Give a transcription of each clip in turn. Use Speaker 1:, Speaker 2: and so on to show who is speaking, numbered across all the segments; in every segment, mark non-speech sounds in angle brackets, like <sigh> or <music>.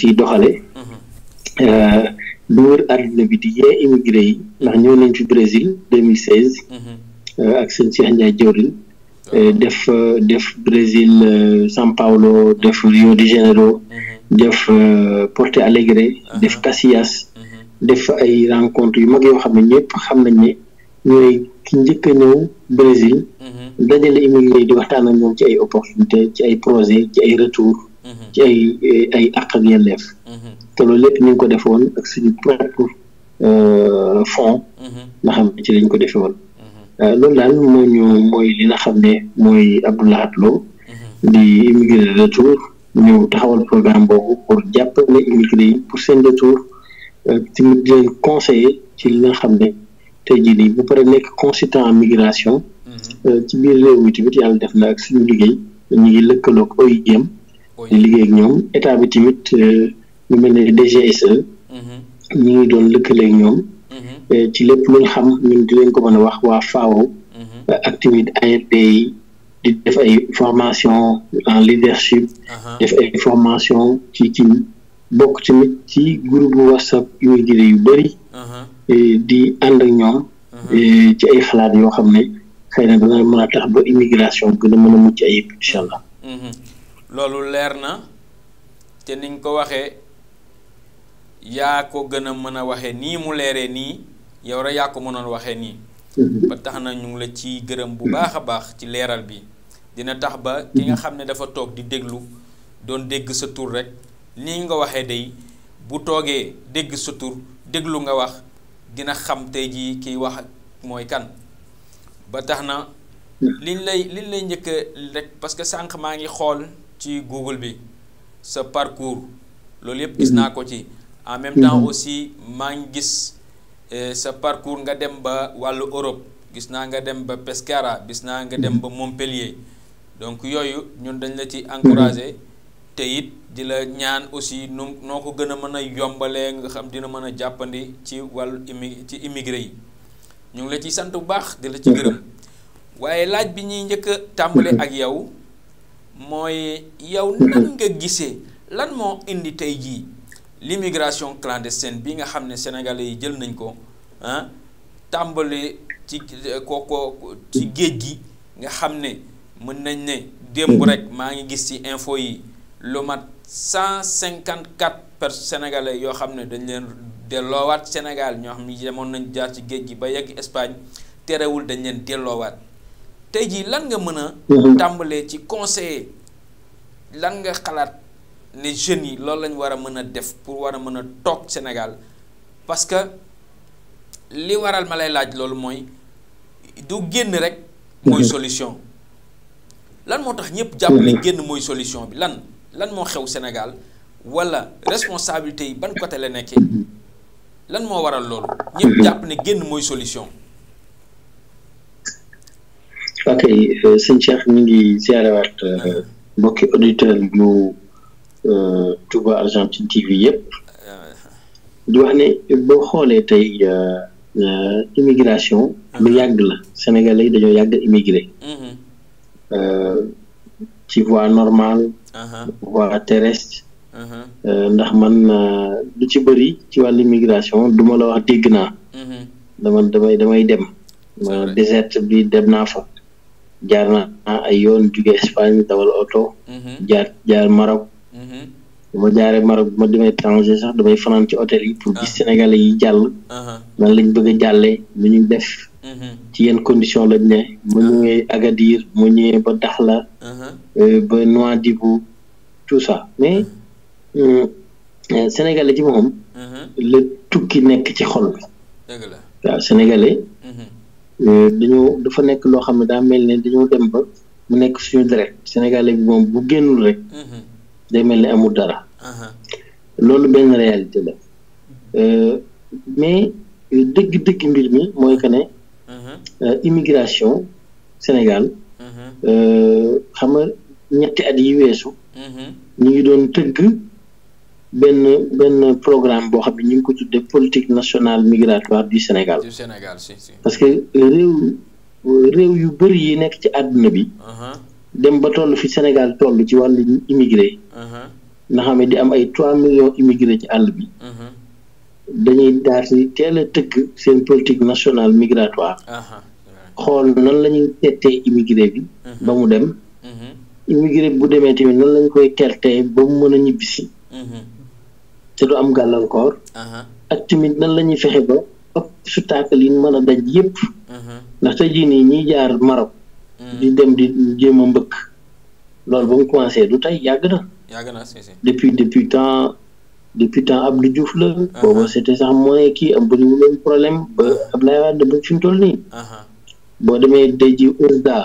Speaker 1: ci doxale dóor mhm. euh, àdduna bi di yee immigré yi ndax ñëw nañ fi Brésil 2016 mhm. euh, ak seen Cheikh Ndiaye jawriñ euh, def def Brésil São Paulo def Rio de Janeiro mhm. def Porto Alegre uh-huh. def Caxias def ay rencontre yu mag yoo xam ne ñëpp xam nañ ne ñooy ki njëkk a ñëw Brésil dajale immigré yi di waxtaan ak ñoom ci ay opportunité ci ay projet ci ay retour Mhm. ci ay eh, ay àq ak yelleef mhm. te loolu lépp ñu ko defoon ak suñu propre euh, fonds mhm. nga xam ne ci lañ ko defe woon euh, loolu daal moo mooy li na xam ne mooy Abdou Lahat Lo di immigré retour ñëw taxawal programme boobu pour jàppale immigré yi pour seen retour euh, ci mu conseiller ci li nga xam ne te jii nii bu pare nekk consultant en migration ci biir réew mi tamit yàlla def na ak suñu liggéey ñu ngi lëkkaloog OIM di liggéey ak ñoom état bi tamit euh, lu mel ne DGSE. Mhm. ñu ngi doon lëkkaleeg ñoom. Mhm. Euh, ci lépp lu xam ñun di leen ko mën a wax waa FAO. Mhm. ak tamit ARD di def ay formation en leadership. Uh-huh. def ay formation ci ci bokk ci groupe WhatsApp immigré yu bëri. Uh-huh. di ànd ak ñoom. Uh-huh. ci ay xalaat yoo xam ne xëy na dana man a tax ba immigration gën a mën a mucc ayib incha allah.
Speaker 2: loolu leer na te niñ ko waxee yaa ko gën a mën a waxee nii mu leeree nii yow rek yaa ko mënoon waxee nii ba tax na ñu la ci gërëm bu baax a baax ci leeral bi dina tax ba nga xam ne dafa toog di déglu doon dégg sa tur rekk nii nga waxee day bu toogee dégg sa tur déglu nga wax dina xam tey ji kiy wax mooy kan ba tax na liñ lay liñ lay njëkk rek parce que sànq maa ngi xool ci Google bi sa parcours loolu yëpp gis naa ko ci en même temps mhm. aussi maa ngi gis eh, sa parcours nga dem ba wàllu Europe gis naa nga dem ba Pescara gis naa nga dem mhm. ba Montpellier donc yooyu ñun dañ la ci encouragé mhm. te it di la ñaan aussi nu noo ko gën a mën a yombalee nga xam dina mën a jàppandi ci wàllu immi ci immigré yi ñu ngi la ciy sant bu baax di la ci gërëm waaye laaj bi ñuy njëkk a tàmbale ak yow mooy yow nan nga gisee lan moo indi tey jii l'immigration clandestine bi nga xam ne sénégalais yi jël nañ ko ah tàmbale ci kooko euh, ci géej gi nga xam ne mën nañ ne démb rek maa ngi gis ci info yi lu mat cent cinquante quatre personnes sénégalais yoo xam ne dañ leen delloowaat Sénégal ñoo xam ne demoon nañ jaar ci géej gi ba yegg Espagne terewul dañ leen delloowaat tey jii lan nga mën a. Mhm. tàmbalee ci conseiller lan nga xalaat ne jeunes yi loolu lañ war a mën a def pour war a mën a toog Sénégal parce que li waral ma lay laaj loolu mooy du génn rek. mooy mhm. solution. lan moo tax ñëpp jàpp ne mhm. génn mooy solution bi lan lan moo xew Sénégal wala responsabilité yi ban côté la nekkee lan moo waral loolu. ñëpp jàpp ne génn mooy
Speaker 1: solution. waa kay euh, sëñ Cheikh ñu ngi ziarewaat euh, mbokki auditeur yu euh, Touba Argentine TV yëpp di wax boo xoolee tey immigration lu mhm. yàgg la sénégal yi dañoo yàgg immigré mhm. ci voie normale voie terrestre mhm. ndax man lu ci bëri ci wàllu immigration duma la wax dégg naa damay damay dem désert bi dem naa fa jaar naa ay yoon jóge Espagne dawal oto mhm. jaar jaar Maroc mhm. bu ma jaaree Maroc bu ma demee étranger sax damay fanaan ci hôtel yi pour gis ah. Sénégalais yi jàll uh-huh. nan lañ bëgg a jàllee nu ñuy def mhm. ci yenn condition lañ ne mu ah. ñëwee Agadir mu ñëwee ba Dakhla uh-huh. euh, ba Nouadhibou tout ça mais uh-huh. euh, euh, Sénégalais ci moom la tukki nekk ci xol bi waaw Euh, dañoo dafa nekk loo xam ne daa mel ne dañoo dem ba mu nekk suñu direct sénégalais bi moom bu génnul rek mhm. day mel ne amul dara uh-huh. loolu benn réalité la euh, mais euh, dëgg-dëgg mbir mi mooy que ne uh-huh. immigration Sénégal uh-huh. xam nga ñetti at yi weesu ñu ngi doon tëgg benn benn programme boo xam ne ñu ngi ko tuddee politique nationale migratoire du Sénégal.
Speaker 3: Sénégal si
Speaker 1: parce que réew yu bëri yi nekk ci àdduna bi. Uh-huh. dem ba toll fi Sénégal toll ci wàllu immigré. Uh-huh. na xam ne di am ay trois millions immigré ci àll bi. Uh-huh. dañuy daal di teel a tëgg seen politique nationale migratoire. xool nan la ñuy tettee immigré bi. ba mu dem. immigré bu demee tamit nan lañ koy tertee ba mu mën a ñibbisi. te du am gàllankoor. ak tamit nan la ñuy fexe ba ëpp obstacle yi mën a daj yëpp. ndax tey jii nii ñiy jaar Maroc. Mm. di dem di jéem a mbëkk. loolu ba commencé du tey yàgg na. depuis depuis temps depuis temps Abdou Diouf la. boobu c'était sax mooy kii am bëri wu leen problème ba Abdoulaye Wade ba fi mu toll nii. boo demee tey jii USDA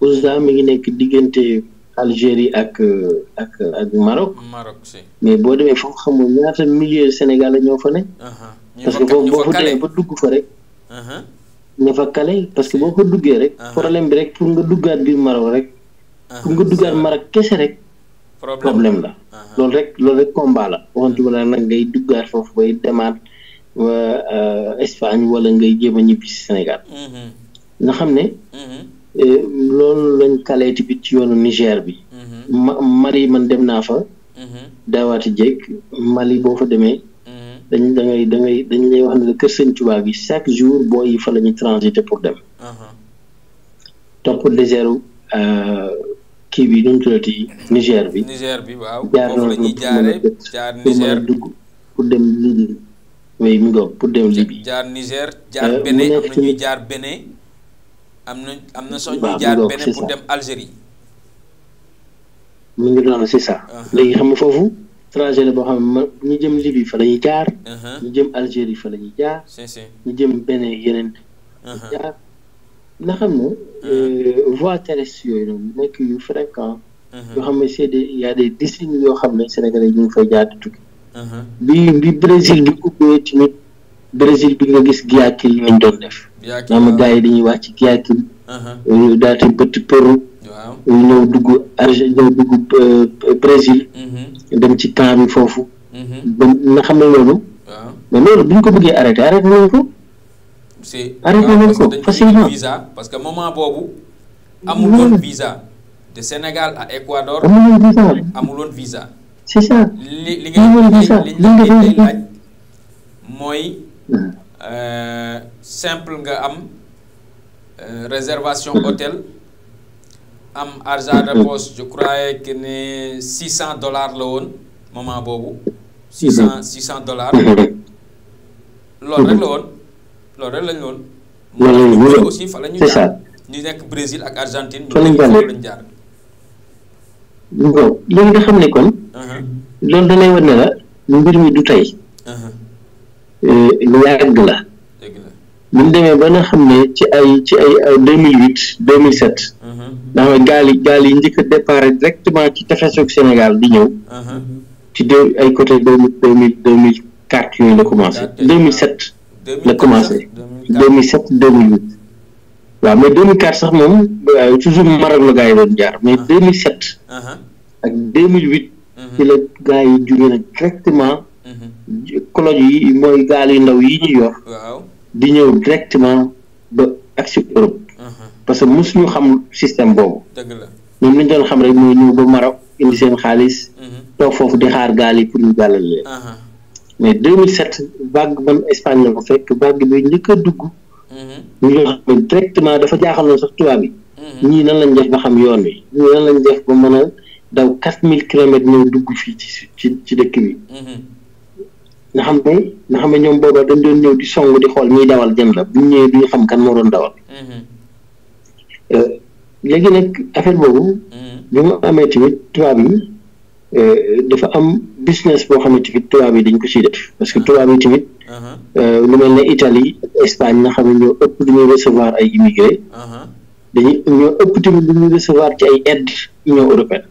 Speaker 1: USDA mi ngi nekk diggante. Algérie ak euh, ak ak Maroc. Maroc si mais boo demee foofu xamul ñaata milieu Sénégal la ñoo fa ne. parce que foofu boo fa demee ba dugg fa rek. ña fa kale parce que boo fa duggee rek. problème bi rek pour nga duggaat biir Maroc rek. pour nga duggaat Maroc kese rek. problème la loolu rek loolu rek combat la nag ngay duggaat foofu bay demaat euh, Espagne wala ngay jéem a ñibbi si Sénégal mhm. nga xam ne. Mhm. Eh, loolu lañ kale bi ci yoonu Niger bi. Mhm. ma Mali man dem naa fa. Mhm. daawaati jéeg Mali boo fa demee. Mhm. dañ da dangay da ngay dañ lay wax ne kër sëñ Tuubaa bi chaque jour booy yi fa la ñuy transiter pour dem. Uh-huh. topp désert euh, kii bi nu mu tuddati Niger bi. Niger bi waaw jaar noonu jaar Niger dugg pour dem Libye. oui pour dem Libye.
Speaker 2: jaar Niger jaar euh, ñuy jaar Bénin. am na am na soo ñuy jaar beneen pour dem Algérie.
Speaker 1: mu ngi doon c'est ça.
Speaker 3: Ah. léegi xam nga foofu
Speaker 1: trajet la boo xam ne ñu jëm Libye fa la ñuy jaar. Uh-huh. ñu jëm Algérie fa la ñuy jaar. ñu jëm beneen yeneen. Uh-huh. jaar na xam ne uh-huh. euh, voie terrestre yooyu noonu nekk yu fréquent. yoo xam ne c'est des y a yoo xam ne Sénégalais ñu ngi fay jaar di tukki. bi bi Brésil bi ubbee tamit Brésil bi nga gis Guayaquil li ñu doon def. naan ma gars yi dañuy wàcc Guiyaquil. Uh-huh. daal di bëtt ñëw dugg Argentine euh, mm-hmm. dem ci camp bi foofu. Mm-hmm. ba nga xam ne loolu. mais loolu bu ñu ko bëggee arrêté arrêté nañ ko.
Speaker 2: arrêté nañ ko facilement parce que moment boobu. amuloon visa. de Sénégal à Équateur. amuloon visa amuloon
Speaker 3: c'est ça li li nga
Speaker 4: li nga doon laaj
Speaker 2: mooy. Hmm. Euh, simple nga am euh, réservation hôtel am argent de je croyais que ne 600 dollars la woon moment boobu. 600 600 dollars. loolu rek la woon loolu rek lañ woon. loolu la aussi fa la ñu jaar ñu
Speaker 1: xam ne kon. Uh-huh. loolu da lay ne la mbir mi du tey. Uh-huh. lu yàgg la bu ñu ba nga xam ne ci ay ci ay deux mille huit deux mille sept nga xam gaal yi gaal yi directement ci tefesug Sénégal di ñëw ci deux ay côté deux mille deux mille quatre yooyu la commencé deux mille sept la commencé deux mille sept deux mille huit waaw mais deux mille quatre sax moom toujours Maroc la gars yi doon jaar mais deux mille sept ak deux mille huit ci la gars yi jógee nag directement colonne yi mooy gaal yu ndaw yi ñu yor. di ñëw directement ba agsi Europe. Uh-huh. parce que ñu xam système boobu. ñoom li ñu doon xam rek mooy ñëw ba Maroc indi seen xaalis. Uh-huh. toog foofu di xaar gaal yi pour ñu gàllal leen. Uh-huh. mais 2007 vague man Espagne ko fekk vague bi njëkk a dugg. ñu directement dafa jaaxaloon sax tubaab yi. ñii nan lañ def ba xam yoon wi ñii nan lañ def ba mën a daw mille kilomètres ñëw dugg fii ci ci ci dëkk bi. na xam ne nga xam ñoom booba dañ doon di song di xool ñuy dawal jëm la bu ñu ñëwee duñu xam kan moo doon dawal mm-hmm. euh, léegi nag affaire boobu mm-hmm. bi amee tamit tubaab yi euh, dafa am business boo xam ne tubaab yi dañ ko siy def parce que ah. tubaab yi tamit uh-huh. euh, lu mel ne Italie Espagne nga xam ne ñoo ëpp du ñuy recevoir ay immigré uh-huh. dañuy ëpp tamit du recevoir ci ay aide Union européenne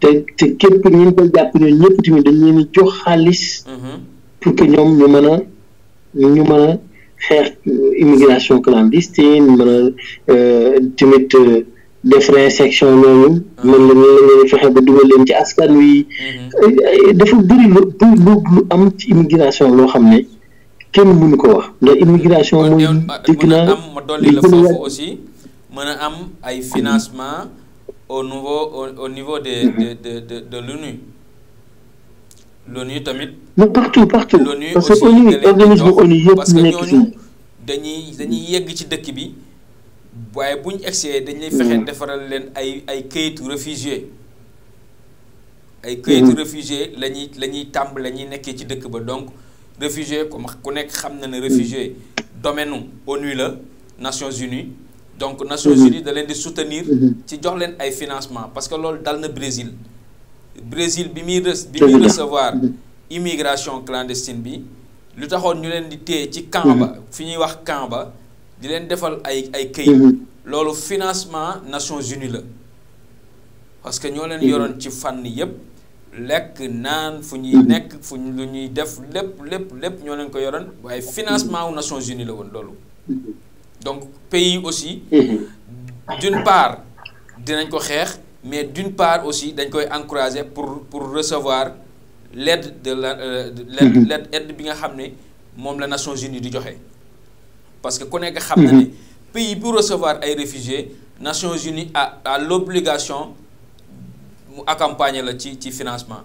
Speaker 1: te te képp ñu ngi koy jàpp ñoom ñëpp tamit dañ leen jox xaalis. Mhm. pour que ñoom ñu mën a ñu mën a xeex euh, immigration clandestine mën a euh, tamit euh, def réinsertion loolu. Mhm. mën la leen fexe ba dugal leen ci askan wi. Mhm. dafa bëri lu lu am ci immigration loo xam ne kenn mënu ko wax ndax immigration. mooy dégg naa li gën a
Speaker 2: mën a am ay financement. au niveau au, au niveau des de de de, de l'ONU l'ONU tamit.
Speaker 4: non partout partout parce que ONU organisme ONU yëpp parce que ñooñu
Speaker 2: dañuy dañuy yegg ci dëkk bi waaye bu ñu egsee dañuy fexe mm. defaral leen ay ay këyitu réfugié ay këyitu mm. réfugié la ñuy la ñuy tàmb la ñuy nekkee ci dëkk ba donc réfugié comme ku nekk xam na ne réfugié mm. domaine ONU la Nations Unies. donc Nations mhm. Unies daleen leen di soutenir mhm. ci jox leen ay financement parce que loolu dal na Brésil Brésil bi muy res bi muy recevoir mhm. immigration clandestine bi lu taxoon ñu leen di téye ci camp fi ñuy wax camp di leen defal ay ay këyit loolu financement Nations Unies la parce que ñoo leen yoroon ci fànn yépp lekk naan fu ñuy nekk fu lu ñuy def lépp lépp lépp ñoo leen ko yoroon waaye financement wu Nations Unies la woon loolu donc pays aussi. Mhm. d'une part dinañ ko xeex mais d'une part aussi dañ koy encourager pour pour recevoir l'aide de la euh, l'aide mhm. bi nga xam ne moom la Nations Unies di joxe. parce que ku nekk xam na ne mhm. pays bu recevoir ay réfugiés Nations Unies à a l'obligation mu accompagner la ci ci financement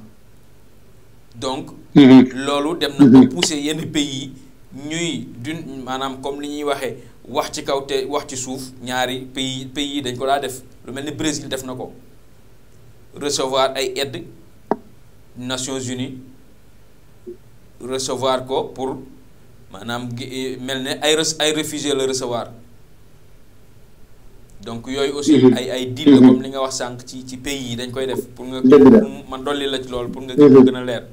Speaker 2: donc. loolu dem na ba yenn pays yi ñuy d'une maanaam comme li ñuy waxee. wax ci kaw te wax ci suuf ñaari pays pays yi dañ ko laa def lu mel ni Brésil def na ko recevoir ay aide Nations Unies recevoir ko pour maanaam mel ni ay ay réfugié la recevoir donc yooyu aussi mhm. ay ay deal la mhm. comme li nga wax sànq ci ci pays yi dañ koy def pour nga man dolli la loolu pour nga mhm. gën a leer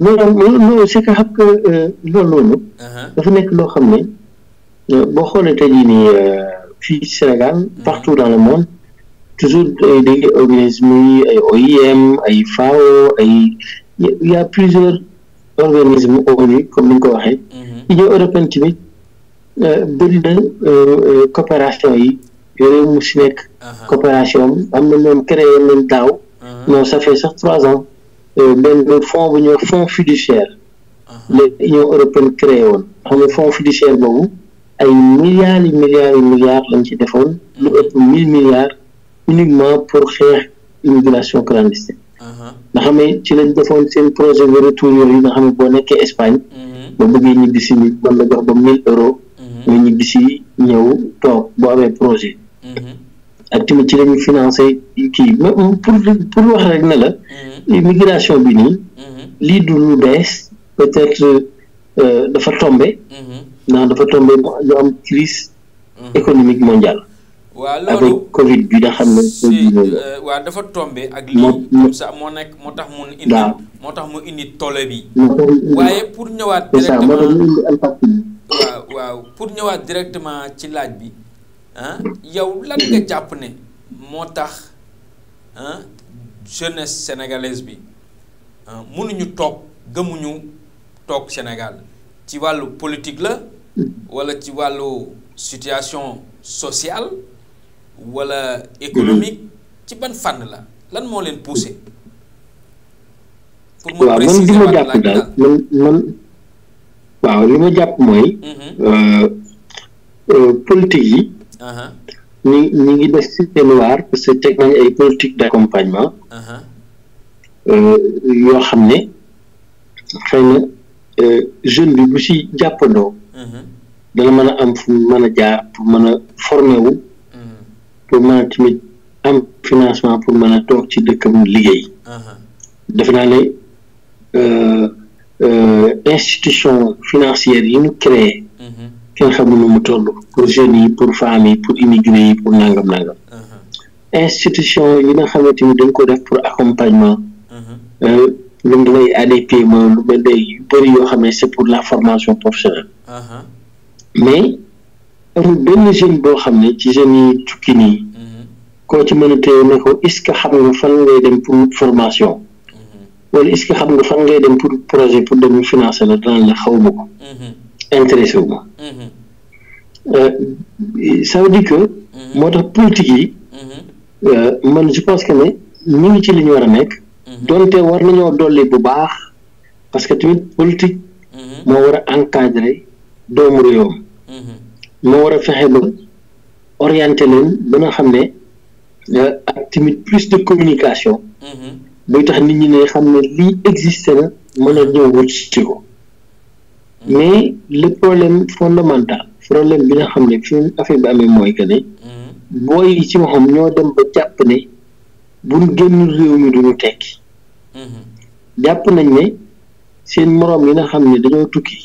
Speaker 1: non non euh, loolu uh-huh. dafa nekk loo xam ne boo xoolee tey jii nii euh, fii Sénégal mm-hmm. partout dans le monde toujours ay dégg organisme yi ay OIM ay FAO ay ya a plusieurs organismes ONU comme ni nga ko waxee mm-hmm. Union européenne tamit euh, bëri euh, coopération yi yooyu mu uh-huh. coopération am na ñoom créé nañ daaw uh-huh. non ça fait sax trois ans benn fonds bu ñuy fonds fiduciaire uh-huh. la Union européenne créé woon xam ne fonds fiduciaire boobu ay milliards yi milliards yi lañ ci defoon mm-hmm. lu ëpp mille milliards uniquement pour xeex immigration clandestine uh-huh. nga xam ci lañ defoon seen projet de retour yooyu nga xam ne boo nekkee Espagne mm-hmm. ba bëggee ñibbi la jox ba mille euros mm-hmm. nga ñibbi si ñëw toog boo amee projet ak tamit ci lañu financé kii pour pour wax rek ne la immigration bi nii lii du lu bees peut-être euh, dafa tombe ndax dafa tombé ñu am crise mhm. économique mondial waaw loolu Covid bi nga xam ne. si euh,
Speaker 2: waaw dafa tombé ak. lii sa moo nekk moo tax mu. indi moo tax mu indi tollé bi. waaye pour ñëwaat. directement waaw pour ñëwaat directement ci laaj bi yow lan nga jàpp ne moo tax ah jeunesse sénégalaise bi mënuñu toog gëmuñu toog Sénégal ci wàllu politique la. wala ci wàllu situation sociale wala économie ci ban fànn la lan moo leen poussé. pour mu
Speaker 1: préciser waaw man li ma jàpp daal man man waaw li ma jàpp mooy. Mhm. Euh, euh, politique yi. ñu ñu ngi def ci seen waar parce que teg nañ ay politique d'accompagnement. Euh, yoo xam ne xëy na jeune bi bu ci jàppandoo. Mhm. dana mën a am fu mën a jaar pour mën a former wu pour mën a tamit am financement pour mën a toog ci dëkkam liggéey defe naa ne euh, euh, institution financière yi ñu créé kenn xamul nu mu toll pour jeunes yi pour femmes pour immigré yi pour nangam nangam institution yi nga xamante ni dañ ko def pour accompagnement euh, lu mu lay ADP moom lu ba ne yu bëri yoo xam ne c'est pour la formation professionnelle mais amul benn jeune boo xam ne ci jeunes yi tukki nii mhm. koo ci mën a téye ne ko est-ce que xam nga fan ngay dem pour formation mhm. wala est-ce que xam nga fan ngay dem pour projet pour dem financer la daan la xaw ma ko mhm. intéressé wu ma euh, ça que moo tax politique yi euh, man je pense que ne ñu ngi ci li ñu war a nekk donte war nañoo dolli bu baax parce que tamit politique moo war a encadrer doomu réewam moo war a fexe ba orienté leen ba nga xam ne euh, ak tamit plus de communication. buy tax nit ñi ne xam ne lii existé na mën a ñëw wut ci ko mais le problème fondamental problème bi nga xam ne fi affaire bi amee mooy que ne booy ci waxam ñoo dem ba jàpp ne bu génn réew mi duñu tekki mm-hmm. jàpp nañ ne seen moroom yi nga xam ne dañoo tukki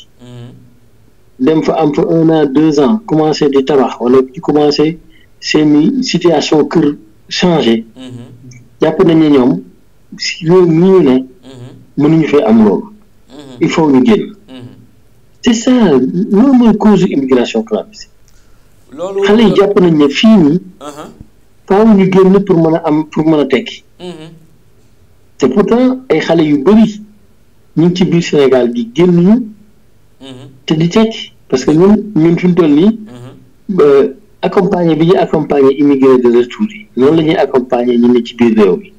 Speaker 1: dem fa am fa un an deux ans commencé di tabax wala di commencé seeni situation kër changé mhm. jàpp nañu ñoom si réew mi ñu ne mhm. mënuñu fee am loolu mhm. il faut ñu génn c'est ça loolu mooy cause immigration clandestine
Speaker 2: loolu xale yi jàpp
Speaker 1: nañ ne fii nii uh-huh. faaw ñu génn pour mën a am pour mën a tekki te pourtant ay xale yu bëri ñu ngi ci biir Sénégal gi génn ñu te di tekki parce que ñun ñun fi mu toll nii mhm. accompagner bi ñu accompagner immigré de retour yi noonu la ñuy accompagner ñu nekk ci biir réew mi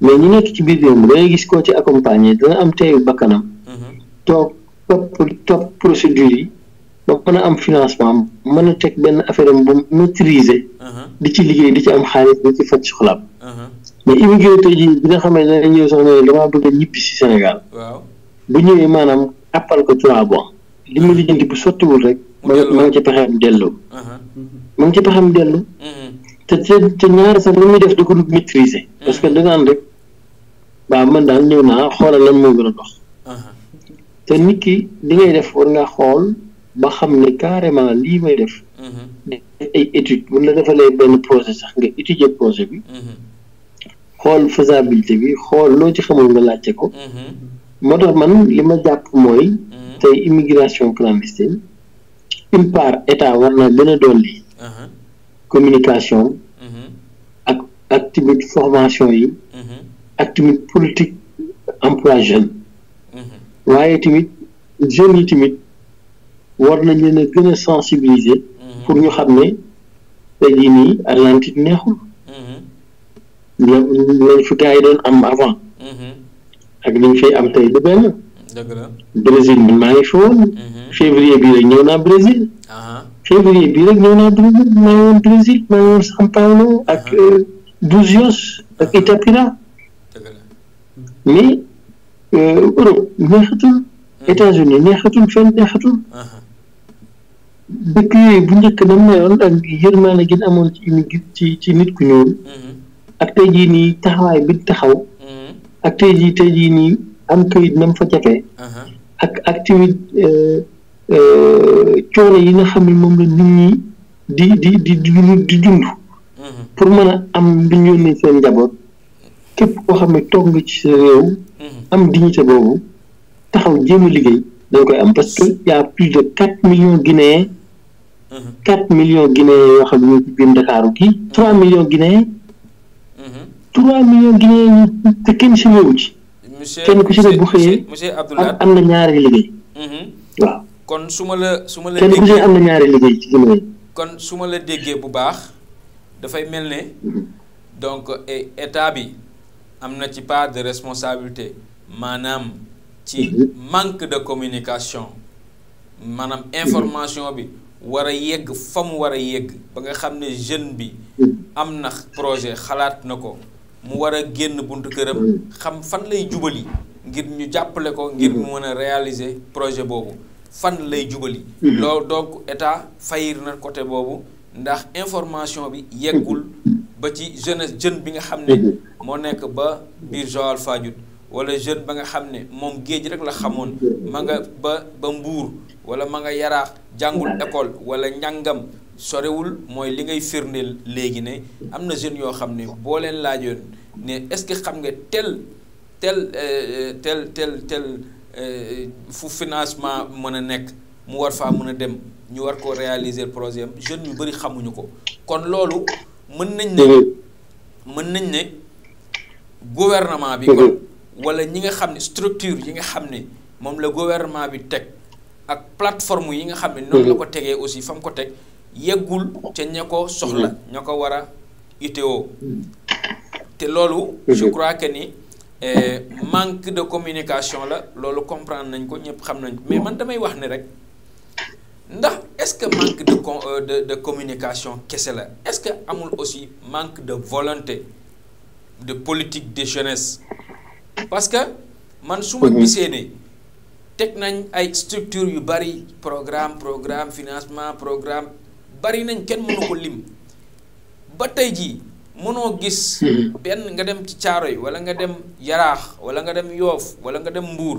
Speaker 1: mais ñu nekk ci biir réew mi da gis koo ci accompagner dana am teeyu bakkanam mhm. toog topp topp procédure yi ba mën a am financement mën a teg benn affaire am bu maîtriser mhm. di ci liggéey di ci am xaalis di ci faj soxlaam mais immigré tey jii bi nga xam ne dana ñëw sax ne damaa bëgg ñibbi si Sénégal bu ñëwee maanaam appal ko trois mois li ma lijjanti bu sottiwul rek. ma nga ci pexeem dellu. ma nga ci pexeem dellu. Mhm. te te te ñaari sax li def da ko dugg maîtriser. Mhm. parce da nga ànd rek waaw man daal ñëw naa xoolal lan moo gën a dox. te nit ki li ngay def war nga xool ba xam ne carrément lii may def. Mhm. ay étude bu la defalee benn projet sax nga étudier projet bi. xool faisabilité bi xool loo ci xamul nga laajte ko. moo tax man li ma jàpp mooy. tey immigration clandestine une part état war na gën a dolli uh-huh. communication uh-huh. ak ak formation yi uh-huh. ak tamit politique emploi jeune waaye tamit jeunes yi tamit war nañ leen a gën a sensibiliser pour ñu xam ne tey jii nii Atlantique neexul lañ fi gars yi doon am avant ak liñ fay am tey du benn dëgg la Brésil bi maa ngi fa mhm. février bii rek ñëw naa Brésil février bii rek ñëw naa Brésil maa ngi woon Brésil maa ngi woon São Paulo ak euh, ak Itapira mais euh, Europe neexatul mhm. États-Unis neexatul fenn neexatul dëkk bu njëkk dam newoon ak yërmaane gën amoon ci nit ci ci nit ku ñëwul mhm. ak tey jii nii taxawaay bi taxaw ak tey jii tey jii nii am këyit nam fa jafee ak activité euh, euh, coono yi nga xam ne moom la nit ñi di di di di dund pour mën a am lu ñu yónnee seen njaboot képp koo xam ne toog nga ci sa réew am dignité boobu taxaw jéem a liggéey dañ koy am parce que y plus de quatre millions guinéens quatre millions guinéens yoo xam ne ci biir Ndakaaru kii trois million guinéens trois millions guinéens te kenn si réewu ci kenn ku ci ne bu xëyee am na ñaari liggéey.
Speaker 2: Mhm. kon su ma la su ma la. kenn ku ci ne
Speaker 3: am
Speaker 2: kon su la déggee bu baax dafay mel ne mhm. donc eh, état bi am na ci part de responsabilité maanaam ci mhm. manque de communication maanaam information bi. war a yegg fa mu war a yegg ba nga xam ne jeune bi am na projet xalaat na ko mu war a génn buntu këram xam fan lay jubali ngir ñu jàppale ko ngir mu mën a réaliser projet boobu fan lay jubali hmm. loolu donc état fayir na côté boobu ndax information bi yeggul ba ci jeunesse jeune bi nga xam ne hmm. moo nekk ba biir Joal Fadiouth wala jeune ba nga xam ne moom géej rek la xamoon hmm. ma nga ba ba mbuur wala ma nga yaraax jàngul école wala njàngam sorewul mooy li ngay firnde léegi ne am na jeunes yoo xam ne boo leen laajoon ne est-ce que xam nga tel tel euh, euh, tel tel tel euh, fu financement mën a nekk mu war faa mën a dem ñu war ko réaliser projet am jeunes yu bëri xamuñu ko kon loolu mën nañ ne mën nañ ne gouvernement bi kon wala ñi nga xam ne structure yi nga xam ne moom la gouvernement bi teg ak plateforme yi nga xam ne noonu la ko tegee aussi fa mu ko teg yeggul ca ña ko soxla mm. ña ko war a itteewoo mm. te loolu mm-hmm. je crois que ni eh, manque de communication la loolu comprendre nañ ko ñëpp xam nañ ko mais man damay wax ne rek ndax est-ce que manque de con euh, de de communication kese la est-ce que amul aussi manque de volonté de politique de jeunesse parce que man su ma mm-hmm. gisee ne teg nañ ay structures yu bari programme programme financement programme bari nañ kenn mënu ko lim ba tey jii mënoo gis <laughs> benn nga dem ci caaro yi wala nga dem Yaraax wala nga dem Yoof wala nga dem Mbuur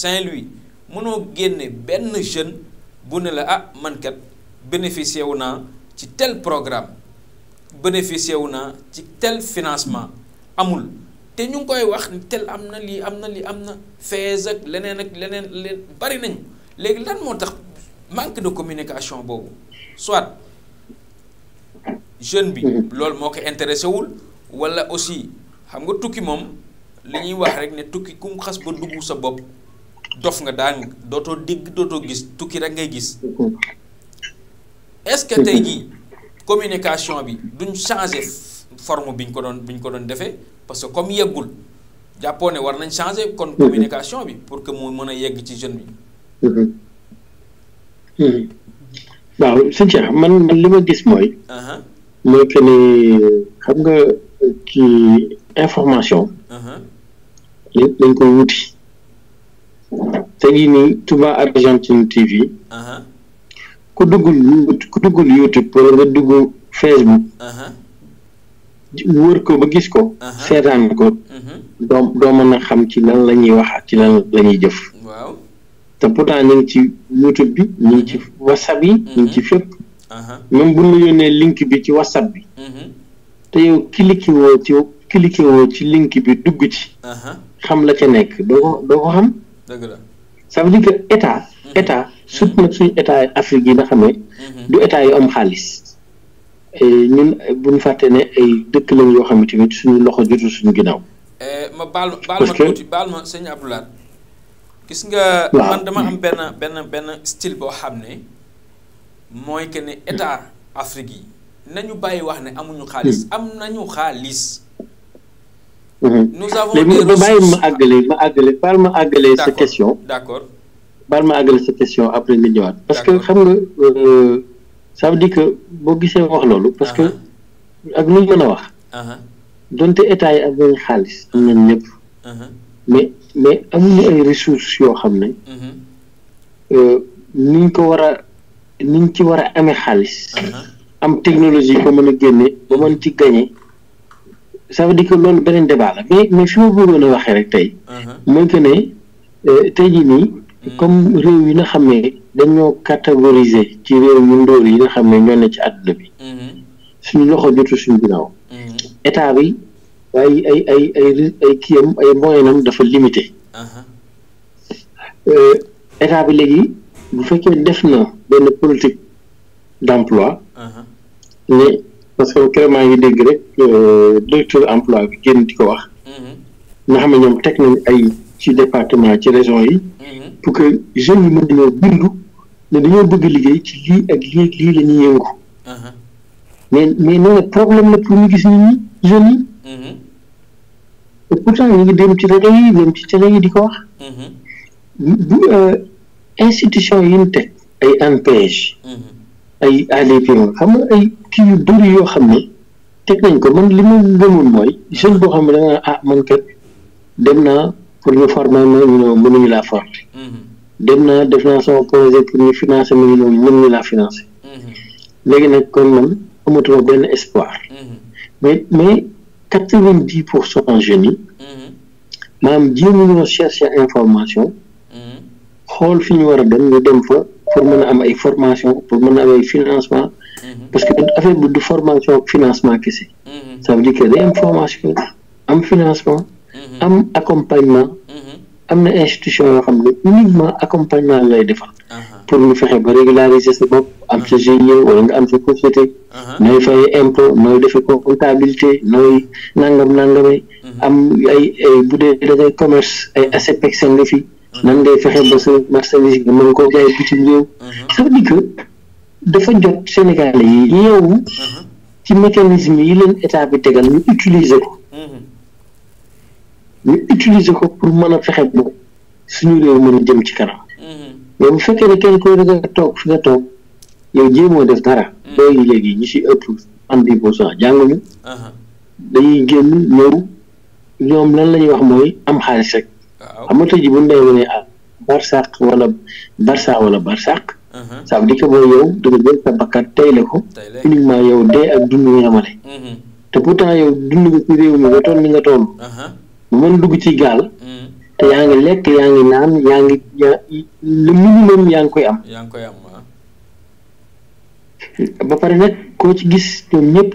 Speaker 2: Saint-Louis mënoo génne benn jeune bu ne la ah man kat bénéficié wu naa ci tel programme bénéficié wu naa ci tel financement amul te ñu ngi koy wax ni tel am na lii am na lii am na fees ak leneen ak leneen leen bari nañu léegi lan moo tax manque de communication boobu soit jeune bi. Mhm. loolu moo ko intéressé wul. wala aussi xam nga tukki moom li ñuy wax rek ne tukki ku mu xas ba dugg sa bopp dof nga daan dootoo dégg dootoo gis tukki rek ngay gis. Mhm. est-ce que tey mhm. jii communication bi duñ changer forme biñ ko doon biñ ko doon defee parce que comme yeggul jàppoo ne war nañ changer kon communication bi pour que mu mën a yegg ci jeune bi.
Speaker 1: waaw sëñ Cheikh man man li ma gis mooy. mooy que xam nga ci information. lépp dañ koy wuti. te jii nii Touba Argentine TV. ku duggul YouTube wala nga dugg Facebook. wër ko ba gis ko. seetaan ko. Mhm. doo mën a xam ci lan la ñuy wax ci lan la ñuy jëf. te pourtant ñu ci youtube bi ñu ci mhm. whatsapp yi ñu ci mhm. fépp même bu ñu yónnee link bi ci whatsapp bi mhm. te yow cliqué woo ci link bi dugg ci xam la ca nekk doo ko doo ko xam dëgg la ça état état surtout nag suñu état Afrique yi nga xam ne du état yu am xaalis ñun bu ñu fàttee ne ay dëkk lañ yoo xam ne tamit suñu loxo jotul suñu ginnaaw eh, ma baal ma
Speaker 2: baal gis nga man dama am benn benn benn boo xam ne mooy que ne état Afrique yi na ñu bàyyi wax ne amuñu xaalis hmm. am nañu xaalis
Speaker 1: hmm. nous avons des ressources bàyyi ma àggale ma àggale baal ma àggale sa question d'accord baal ma àggale sa question après nga ñëwaat parce que xam nga euh, ça veut dire que boo gisee wax loolu parce que uh-huh. ak lu ñu mën a wax uh-huh. donte état yi am nañu xaalis am nañ lépp uh-huh. mais mais amuñu ay ressources yoo xam ne mhm. euh, niñ ko war a niñ ci war a amee xaalis mhm. am technologie ko mën a génne ba mën ci gañe ça veut dire que loolu beneen débat la mais mais fi ma bëggoon a waxee rek tey mhm. mooy que ne euh, tey jii nii comme réew yi nga xam ne dañoo catégoriser ci réew yu ndóor yi nga xam ne ñoo ne ci àdduna bi suñu loxo jotu suñu ginnaaw état bi ay ay ay ay ay kiyam ay moyenam dafa limité euh, état bi léegi bu fekkee def na benn politique d'emploi ne parce que keroog maa ngi dégg rek euh, directeur emploi bi génn di ko wax mhm. nga xam ne ñoom teg nañ ay ci département ci région yi mhm. pour que jeune yi mën nañoo bindu ne dañoo bëgg liggéey ci lii ak lii ak yëngu mais mais nee problème la pour ñu gis nit ñi yi mhm. te pourtant ñu ngi dem ci rajo yi dem ci télé yi di ko wax. bu mm-hmm. euh, institution yi ñu teg ay ANPEJ. Mm-hmm. ay ADPM xam nga ay kii yu bëri yoo xam ne teg nañ ko man li ma gëmoon mooy jeune boo xam ne da nga ah, naa pour ñu former ma ñu ne mënuñu laa mm-hmm. dem naa def naa sama projet pour ñu financer ma ñu ne mënuñu laa financer. léegi nag kon man amatuma benn espoir. mais mais quatre-vingt-dix pour cent jeunes yi mm-hmm. maanaam jéemuñoo chercher information mm-hmm. xool fi ñu war a dem ñu dem fa pour mën a am ay formation pour mën a am ay financement mm-hmm. parce que affaire bi du formation ak financement kese ça veut dire que day am am financement am accompagnement am na institution yoo xam ne uniquement accompagnement lay defar pour ñu fexe ba régulariser sa bopp am sa ah. GIE wala nga am sa société ah. nooy fay impôt nooy defe ah. ay bu dee da commerce ay ACPEX nga fi nan ngay fexe ba sa marchandise nga mën koo jaay bitim réew ça veut que dafa jot Sénégalais yi yeewu ci mécanisme yi leen état bi tegal ñu utiliser ko mm-hmm. ñu utiliser ko pour mën a fexe ba suñu réew mën a jëm ci kanam yow bu fekkee ne kenn koy nga toog fi nga toog yow jéemoo def dara mm. léegi léegi ñu si ëpp am dix pour jànguñu uh-huh. dañuy génn ñëw ñoom lan la ñuy wax mooy am xaalis rek xam nga tey jii bu ñu ne ah barsàq wala barsa wala barsàq uh-huh. ça veut dire que mooy yow da nga jël sa bakkat la ko yow dee ak dund nga yemale mm-hmm. te pourtant yow dund nga réew mi nga toll ni nga toon uh-huh. bu dugg ci gaal mm. te yaa ngi lekk yaa ngi naan yaa ngi le yaa ngi koy am. yaa am ba pare nag koo ci gis ñoom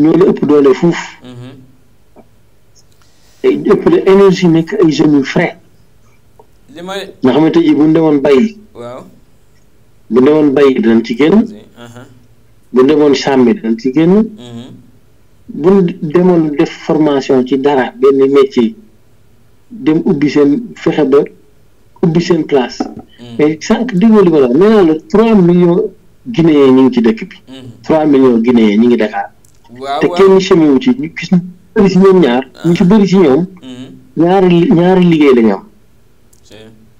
Speaker 1: ñoo la ëpp doole fuuf. te mm-hmm. ëpp la énergie nekk ay jeunes yu frais. li may nga bu ñu bay. bu ñu bay dinañ ci génn. Uh-huh. bu ñu demoon sàmmi dinañ ci génn. Mm-hmm. bu demoon def formation ci dara benn métier. dem ubbi seen fexe ba ubbi seen place hmm. mais sànq déggoo li ma la wax nee la trois millions guinéens ñu ngi ci dëkk bi hmm. trois millions guinéens ñu ngi Dakar te kenn chemiwu ci ñu gis ñu bëri si ñoom ñaar ah. ñu ci bëri si ñoom hmm. ñaari ñaari liggéey la am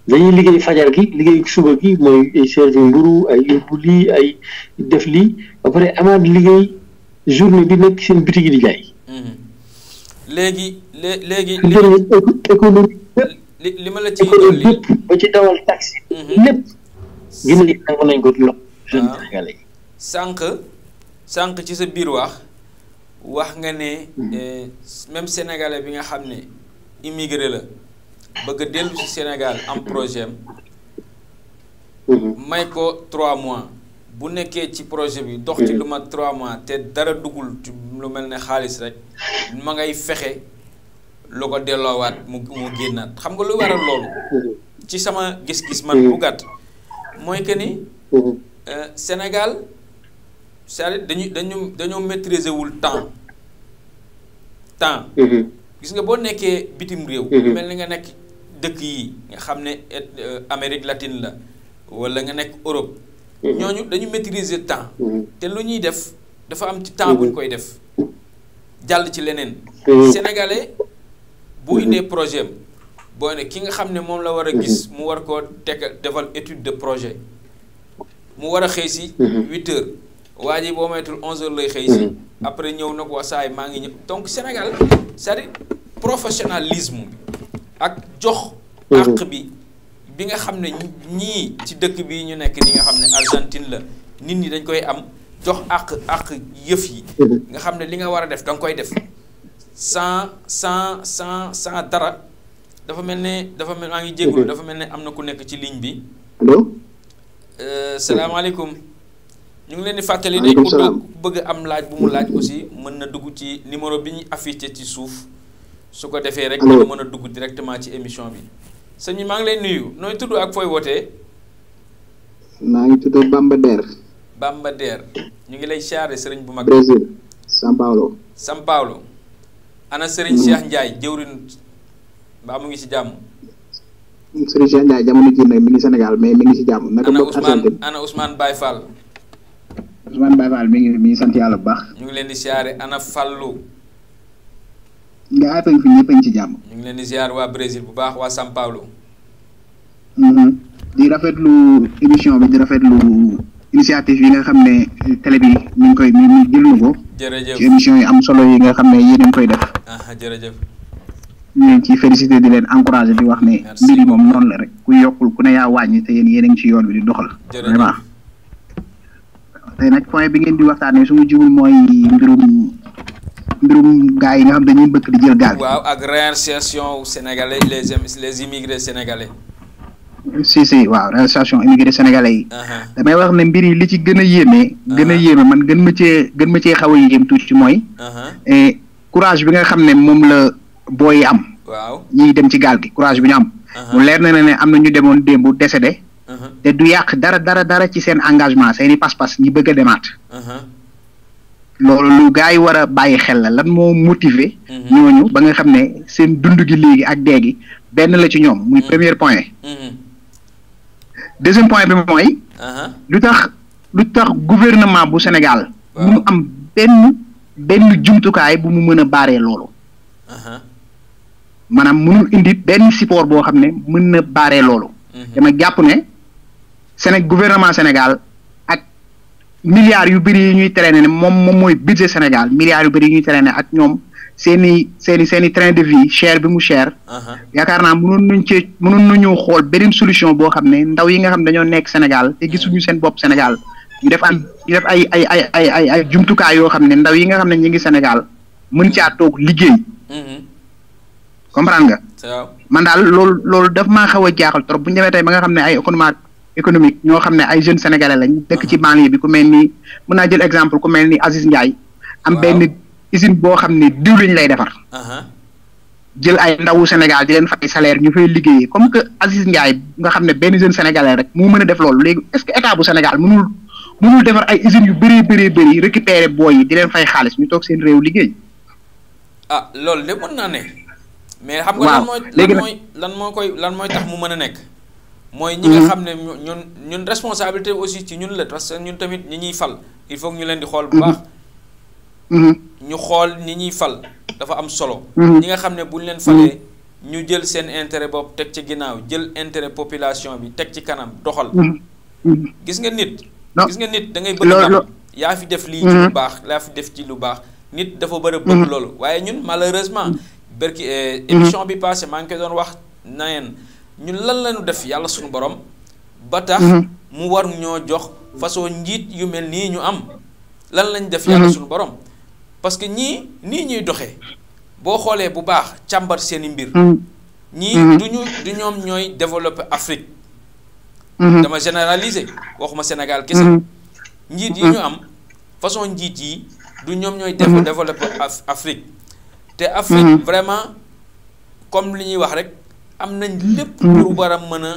Speaker 1: dañuy liggéey fajar gi liggéey suba gi mooy ay servi mburu ay yóbbu lii ay def lii ba pare amaat liggéey journée bi nekk seen bitig di jaay léegi léegi. économie li li ma la ci dolli ba ci dawal taxi. Mhm. lépp nañ ko lool ah.
Speaker 2: jeune sànq sànq ci sa biir wax wax nga ne. Mhm. Eh, même sénégalais bi nga xam ne immigré la bëgg a dellu si Sénégal am projet mhm. may ko trois mois. bu nekkee ci projet bi dox ci lu ma trois mois te dara duggul ci lu mel ne xaalis rek ma ngay fexe lu ko delloowaat mu mu génnaat xam nga lu waral loolu ci sama gis-gis man bu gàtt mooy que ni mhm. euh, Sénégal c'est-à-dire dañu dañu dañoo maîtriser wul temps temps mhm. gis nga boo nekkee bitim réew mhm. mel ni nga nekk dëkk yi nga xam ne euh, Amérique latine la wala nga nekk Europe Mm-hmm. ñooñu dañu maîtriser temps mm-hmm. te lu ñuy def dafa am ci temps ñu mm-hmm. koy def jàll ci leneen sénégalais bu indee projet boo ne ki nga xam ne moom la war a gis mu war ko teg defal étude de projet mu war a xëy si huit heures waa ji boo maytul onze heures lay xëy si après ñëw na ko saa yi maa ngi ñëw donc Sénégal cest à bi ak jox àq bi bi nga xam ne ñii ci dëkk bi ñu nekk ni nga xam ne Argentine la nit ñi dañ koy am jox àq àq yëf yi nga xam ne li nga war a def da nga koy def sans sans sans sans dara dafa mel ne dafa mel maa ngi jégalu dafa mel ne am na ku nekk ci ligne bi allo euh, salaamaaleykum ñu ngi leen di fàttali ne ku bëgg am laaj bu mu laaj aussi mën na dugg ci numéro bi ñu affiché ci suuf su ko defee rek dina mën a dugg directement ci émission bi sëñ bi maa ngi lay nuyu nooy tudd ak fooy wootee.
Speaker 5: maa ngi tudd Bamba Der.
Speaker 2: Bamba Der ñu ngi lay siyaare sëriñ bu mag. Brésil São Paulo. São Paulo. ana sëriñ mhm. Cheikh Ndiaye jëwrin ba mu ngi ci jàmm.
Speaker 5: sëriñ Cheikh Ndiaye jamono jii nag mi ngi Sénégal mais mi ngi ci jàmm. naka bokk Argentine
Speaker 2: ana Ousmane Baye Fall.
Speaker 5: Ousmane Baye Fall mi ngi mi ngi sant yàlla bu
Speaker 2: ñu ngi leen di siyaare ana Fallou.
Speaker 5: nga affaire yi fi ñëpp a ci jàmm.
Speaker 2: ñu ngi leen di ziar waa Brésil bu baax
Speaker 5: mm-hmm. di rafetlu émission bi di rafetlu initiative yi nga xam ne télé bi mi koy mi ngi jël ko. jërëjëf ci émission yi am solo yi nga xam ne yéen koy def.
Speaker 2: Ah, jërëjëf.
Speaker 5: ñu leen ci félicité di leen encouragé di wax ne. mbir moom noonu la rek ku yokkul ku ne yaa wàññi te yéen yéen ngi ci yoon bi di doxal. vraiment nag point bi ngeen di waxtaan su ma mooy mbirum. mbirum gaa yi nga xam ne dañuy bëgg di jël gaal. waaw
Speaker 2: ak réinsertion sénégalais les les immigrés sénégalais.
Speaker 5: si si waaw réinsertion immigré sénégalais yi. Uh-huh. damay wax ne mbir yi li ci gën a yéeme. Uh-huh. gën a yéeme man gën ma cee gën ma cee xaw a yéem tuuti mooy. Uh-huh. E, courage bi nga xam ne moom la booy am. waaw ñiy dem ci gaal gi courage bi ñu am. mu leer na ne am na ñu demoon démb décédé. te du yàq dara dara dara ci seen engagement seen i pas-pas ñi bëgg a demaat. loolu lu gaa yi war a bàyyi xel la lan moo motiver. Mhm. ñooñu ba nga xam ne seen dund gi léegi ak dee gi benn la ci ñoom muy mhm. premier point. Mhm. deuxième point bi mooy. Uh-huh. lu tax lu tax gouvernement bu Sénégal. mu am benn benn jumtukaay bu mu mën a baaree loolu. Uh-huh. maanaam mënul indi benn support boo xam ne mën na baaree loolu. dama jàpp ne Séné gouvernement Sénégal. milliards yu bëri yi ñuy traîner ne moom moom mooy budget Sénégal milliards yu bëri yi ñuy ak ñoom seeni i seen i seen train de vie cher bi mu cher. Uh-huh. yaakaar naa mënoon nañ cee mënoon nañoo xool beneen solution boo xam ne ndaw yi nga xam dañoo nekk Sénégal hmm. gisuñu seen bopp Sénégal ñu def am ñu ay ay ay ay ay jumtukaay yoo xam ne ndaw yi nga xam ne ñu ngi Sénégal mën caa toog liggéey. Hmm. comprendre nga. man daal loolu loolu daf maa xaw a jaaxal trop bu ñu demee tey ba nga xam ne ay économies. économique ñoo xam ne ay jeunes sénégalais lañ. dëkk ci mhm. banlieue bi ku mel ni mën naa jël exemple ku mel ni Aziz Ndiaye. am benn usine boo xam ne diw lay defar. jël ay ndawu Sénégal di leen fay salaire ñu fay liggéeyee comme que Aziz Ndiaye nga xam ne benn jeune sénégalais rek moo mën a def loolu léegi est-ce que état bu Sénégal mu mënul defar ay usines yu bëree bëree bëri récupérer booy yi di leen fay xaalis ñu toog seen réew liggéey.
Speaker 2: ah loolu de mën naa ne. mais lan moo koy lan mooy tax mën a nekk. mooy ñi nga mhm. xam ne ñun ñun responsabilité aussi ci ñun la parce que ñun tamit ñi ñuy fal il faut ñu leen di xool bu mhm. baax. Mhm. ñu xool ñi ñuy fal dafa am solo. ñi nga xam ne bu ñu leen falee ñu jël seen intérêt bopp teg ci ginnaaw jël intérêt population bi teg ci kanam doxal. gis nga nit. gis nga nit da ngay bëgg yaa fi def lii ci lu baax yaa fi def ci lu baax nit dafa bëri bëgg loolu waaye ñun malheureusement. berki eh, émission bi passé maa ngi koy doon wax na ñun lan lañu def yàlla suñu borom ba tax mhm. mu war ñoo jox façon njiit yu mel nii ñu am lan lañ def yàlla mhm. suñu borom parce que ñii nii ñuy doxee boo xoolee bu baax càmbar seeni mbir
Speaker 3: mhm. ñii du ñu
Speaker 2: du ñoom ñooy développer Afrique dama généraliser waxuma Sénégal kese njiit yi ñu am façon njiit yi du ñoom ñooy def développer Afrique te Afrique vraiment comme li ñuy wax rek am nañ lépp pour war a mën a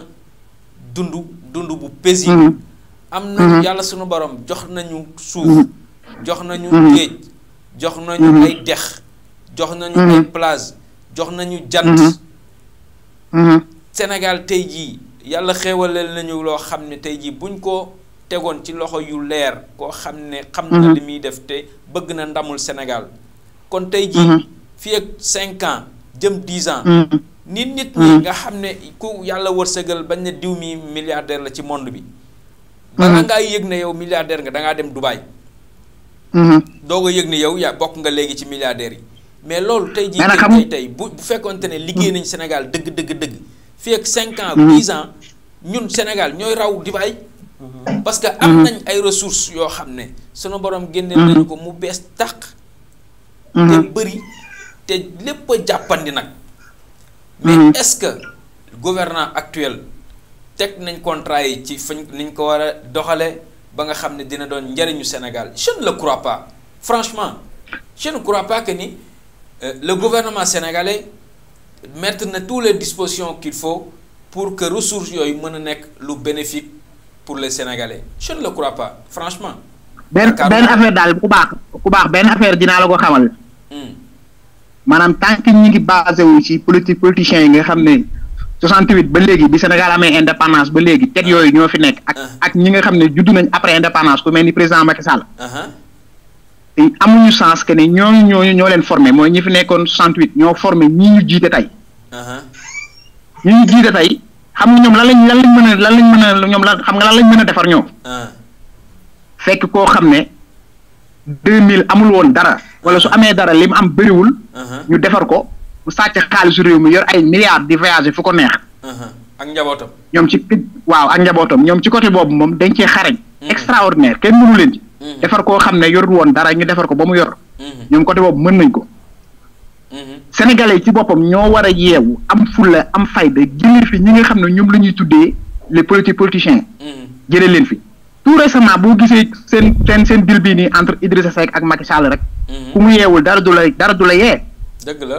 Speaker 2: dund dund bu paisible mm-hmm. am nañ mm-hmm. yàlla sunu boroom jox nañu suuf mm-hmm. jox nañu géej jox nañu ay dex jox nañu ay plage jox nañu jant senegal tey jii yàlla xéewaleel nañu loo xam ne tey jii buñ ko tegoon ci loxo yu leer koo xam ne xam na li muy def te bëgg na ndamul senegal kon tey jii fii ak cinq ans jëm dix ans nit nit ñi hmm. nga xam ne ku yàlla wërsëgal bañ ne diw mi milliardaire la ci monde bi
Speaker 3: hmm. balaa ngaa yëg
Speaker 2: ne yow milliardaire nga dangaa dem Dubaï hmm. doo ko yëg ne yow yaa bokk nga léegi ci milliardaires yi mais loolu tey jii tey tey bu bu fekkonte ne liggéey nañ senegal dëgg dëgg dëgg fi ak cinq ans dix ñun Sénégal ñooy raw Dubaï parce que am nañ ay ressources yoo xam ne sunu borom génneel nañu ko mu bees tàq te bëri te lépp a jàppandi nag mais mm-hmm. est-ce que gouvernement actuel teg nañ contrat yi ci fañ niñ ko war a doxale ba nga xam ne dina doon njëriñu Sénégal je ne le crois pas franchement je ne crois que ni euh, le gouvernement sénégalais mettre na toutes les dispositions qu'il faut pour que ressources yooyu mën a nekk lu bénéfique pour le Sénégalais je ne le crois pas franchement.
Speaker 5: benn benn affaire daal ku baax ku baax benn affaire dinaa la ko xamal. Hmm. maanaam tant que ñu ngi basé wu ci politique politiciens yi nga xam ne 68 ba léegi bi Sénégal amee indépendance ba léegi teg yooyu ñoo fi nekk. ak ah. ak ñi nga xam ne juddu nañ après indépendance ku mel ni président Macky Sall. Uh-huh. te amuñu sens que ne ñooñu ñooñu ñoo leen formé mooy ñi fi nekkoon 68 ñoo formé ñii ñu jiite tey. Uh-huh. ñi ñu jiite tey xam nga ñoom la lañ lan lañ mën a lan lañ mën a ñoom lan xam nga lan lañ mën a defar ñoom. Uh-huh. fekk koo xam ne mille amul woon dara. wala su amee dara li mu am bëriwul. Uh-huh. ñu defar ko mu sàcc xaalisu réew mi yor ay milliards di voyager fu ko neex. Uh-huh. ak njabootam. ñoom ci waaw ak njabootam ñoom ci côté boobu moom dañ cee xarañ. Uh-huh. extraordinaire kenn mënu leen ci. defar koo xam ne yorul woon dara ñu defar ko ba mu yor. ñoom côté boobu mën nañ ko. Sénégalais yi ci boppam ñoo war a yeewu am fulla am fayda jëlee fi ñi nga xam ne ñoom la ñuy tuddee les politi politiciens. jëlee leen fi. tout récemment boo gisee seen seen seen deal bii nii entre Idrissa Seck ak Macky Sall rek. Mhm. ku mu yeewul dara du la dara du la yee. dëgg la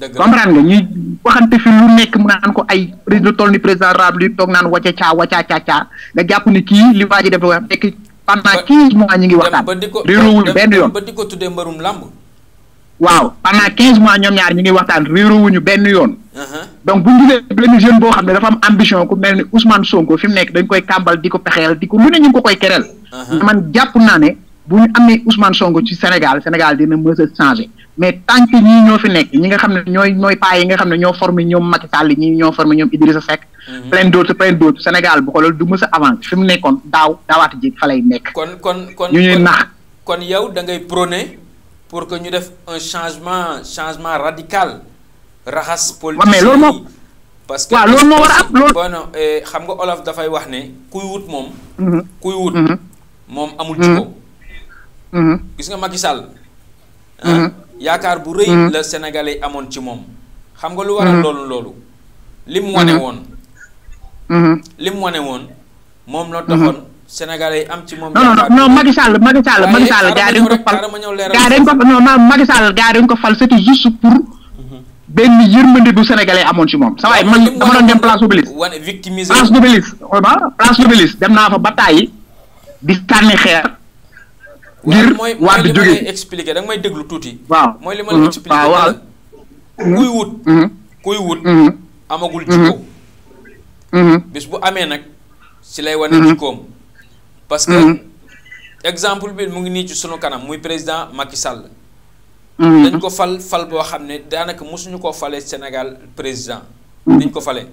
Speaker 5: dëgg la comprendre nga ñuy waxante fi lu nekk mu naan ko ay président toll ni président République toog naan wàcce caa wàccaa caa caa nga jàpp ni kii li waa ji def la wax fekk pendant quinze mois ñu ngi waxtaan. réeróowul benn yoon ba di ko tuddee mbërum làmb. waaw pendant quinze mois ñoom ñaar ñi ngi waxtaan wu ñu benn yoon. Uh-huh. donc bu ñu benn jeune boo xam ne dafa am ambition ku mel ni Ousmane Sonko fi mu nekk dañ koy kàmbal di ko pexeel di ko lu ne ñu ngi ko koy kereel. Uh-huh. man jàpp naa ne bu ñu amee Ousmane Sonko ci Sénégal Sénégal dina mës a changé mais tant que ñoo fi nekk ñi nga xam ne ñooy ñooy paa yi nga xam ne ñoo formé ñoom Macky Sall ñii ñoo formé ñoom Idrissa Seck. Uh-huh. plein d'autres plein d'autres Sénégal bu xoolal du mës a fi mu nekkoon daaw daawaati jéeg fa lay nekk.
Speaker 2: kon kon kon ñu ñuy nax kon yow da ngay prôné pour que ñu def un changement changement radical raxas politique mais loolu moo parce que waaw eh, xam nga olof dafay wax ne kuy wut moom mhm. kuy wut mhm. moom amul jikko mhm. gis nga Macky Sall ah, yaakaar bu rëy la sénégalais amoon ci moom xam nga lu waral loolu loolu li wane woon li wane woon moom loolu doxoon Sénégalais yi am ci
Speaker 5: moom. yaakaar non non Macky Sall Macky Sall Macky Sall gars dañ ko fal gars dañ ko non Macky Sall gars dañ ko fal c'était juste pour. Mhm. benn yërmande bu sénégalais amoon ci moom. sa waay man dama doon dem place Obélisque. wane victimiser place Obélisque place dem naa fa ba tàyyi di sànni xeer. ngir war di jóge mooy li may
Speaker 2: expliquer da déglu tuuti. waaw mooy li ma la mhm. expliquer. waaw waaw kuy wut. Mhm. kuy wut. amagul jikko. bis bu amee nag si lay wane jikkoom. parce que mm-hmm. exemple bi mu ngi nii ci sunu kanam muy président Macky Sall. Mm-hmm. dañ ko fal fal boo xam ne daanaka mosuñu koo fale Sénégal président. niñ mm-hmm. ko falee.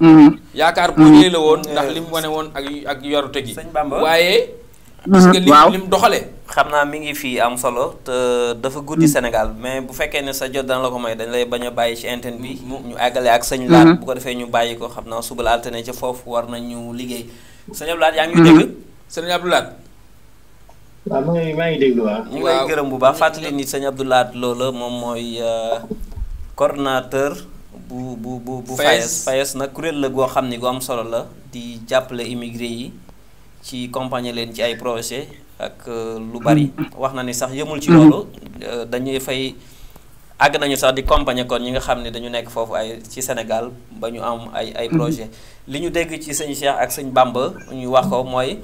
Speaker 6: yaakaar boo ñëwee la woon ndax mu wane woon ak ak yorute gi. waaye.
Speaker 3: parce li mu lim
Speaker 6: doxalee. xam naa mi ngi fii am solo te dafa guddi Sénégal mais bu fekkee ne sa jot dana la ko may dañ lay bañ a bàyyi ci antenne bi. ñu àggale ak sëñ laat bu ko defee ñu bàyyi ko xam naa suba la altine ca foofu war nañu liggéey. sëñ sëñ
Speaker 1: maa ngi maa
Speaker 6: bu baax fàttali ni sëñ Abdoulaat moom mooy euh, coordonnateur bu bu bu nag kuréel la goo xam ni gu am solo la di jàppale immigré yi ci accompagner leen ci ay projet ak euh, lu bari. wax na ni sax yëmul ci loolu euh, dañuy fay. àgg nañu sax di compagnie kon ñi nga xam ne dañu nekk foofu ay ci Sénégal ba ñu am ay ay projet li ñu dégg ci sëñ Cheikh ak sëñ Bamba ñu wax ko mooy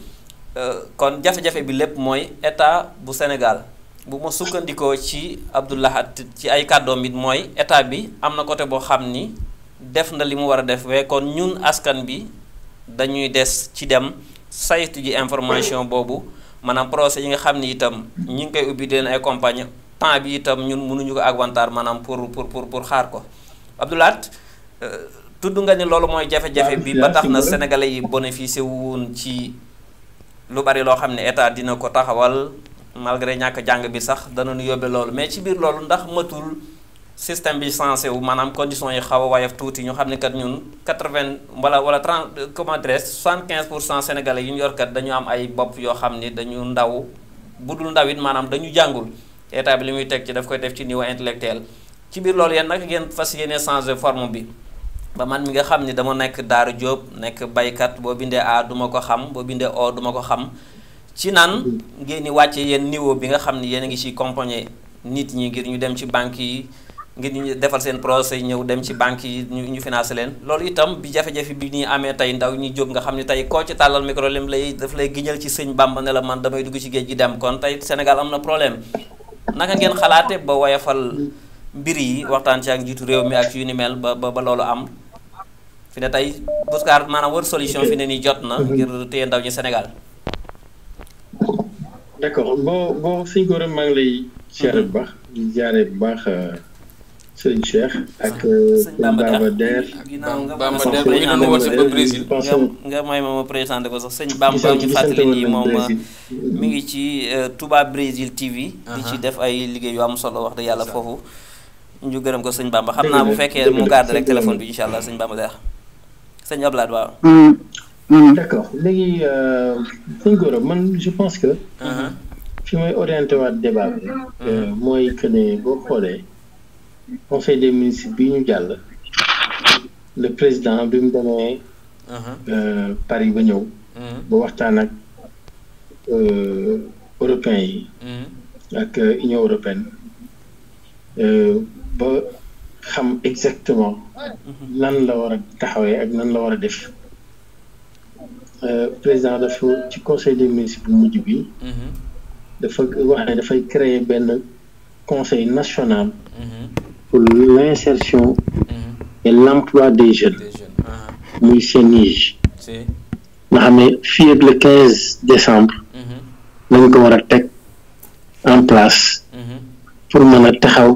Speaker 6: Euh, kon jafe-jafe bi lépp mooy état bu Sénégal bu ma sukkandikoo ci Abdou Lahad ci ay kàddoom it mooy état bi am na côté boo xam ni def na li mu war a def waaye kon ñun askan bi dañuy des ci dem saytu ji information boobu maanaam procès yi nga xam ni itam ñi ngi koy ubbi di ay compagnie temps bi itam ñun mënuñu ko aguantar maanaam pour pour pour pour xaar ko Abdou Lahad euh, tudd nga ni loolu mooy jafe-jafe bi ba tax na sénégalais yi bénéficié woon ci. lu bari loo xam ne état dina ko taxawal malgré ñàkk jàng bi sax dana nu yóbbe loolu mais ci biir loolu ndax matul système bi sensé wu maanaam conditions yi xaw a wayaf tuuti ñu xam ne kat ñun quatre-vingt wala wala trente comment dirais-je soixante-quinze pour cent sénégalais yu ñu yor kat dañu am ay bopp yoo xam ni dañu ndaw bu dul ndawit maanaam dañu jàngul état bi li muy teg ci daf koy def ci niveau intellectuel ci biir loolu yéen nag ngeen fas yéene changer forme bi. ba man mi nga xam ni dama nekk Daara jóob nekk baykat boo bindee A duma ko xam boo bindee O duma ko xam ci naan ngeen di wàcce yéen niveau bi nga xam ni yéen a ngi ci accompagner nit ñi ngir ñu dem ci banque yi ngir ñu defal seen procès ñëw dem ci banque yi ñu ñu financé leen loolu itam bi jafe-jafe bi ñuy amee tey ndaw ñuy jóg nga xam ne tey koo ci tàllal micro lim lay daf lay giñal ci sëñ bàmb ne la man damay dugg ci géej gi dem kon tey Sénégal am na problème naka ngeen xalaate ba woyafal mbir yi waxtaan ci ak njiitu réew mi ak yu ni mel ba ba loolu am fi ne tey Bouscar maanaam wër solution fi ne ni jot na mhm. ngir téye ndaw ñi Sénégal.
Speaker 1: d'accord boo boo suñ ko maa ngi lay. siyaare mhm. bu baax jaaree baax sëñ Cheikh ak. sëñ euh, Bamba Der
Speaker 6: Bamba Der mu ngi doon woote ba nga may ma ma présenté ko sax sëñ Bamba ñu fàttali nii moom euh, mi ngi ci euh, tubaab Brésil TV. di uh-huh. ci def ay liggéey yu am solo wax de yàlla foofu. ñu gërëm ko sëñ Bamba xam naa bu fekkee mu garde rek téléphone bi incha allah sëñ Bamba Der. sëñ Ablaye waaw.
Speaker 1: Hmm. Hmm. d' accord léegi euh, sëñ man je pense que. Uh-huh. fi may orienté waat débat bi. Hmm. Euh, mooy que ne boo xoolee conseil des ministres bi ñu jàll. le président bi mu demee. Uh-huh. Euh, Paris ba ñëw. ba waxtaan ak européens yi. ak Union européenne ba. xam exactement lan la war a taxawee ak nan la war a def euh, président dafa ci conseil des ministres bu mujj bi mm-hmm. dafa wax ne dafay créer benn conseil national mm-hmm. pour l'insertion mm-hmm. et l'emploi des jeunes uh-huh. muy CENIJ nga xam ne fii ak le quinze décembre lañ ko war a teg en place pour mën a taxaw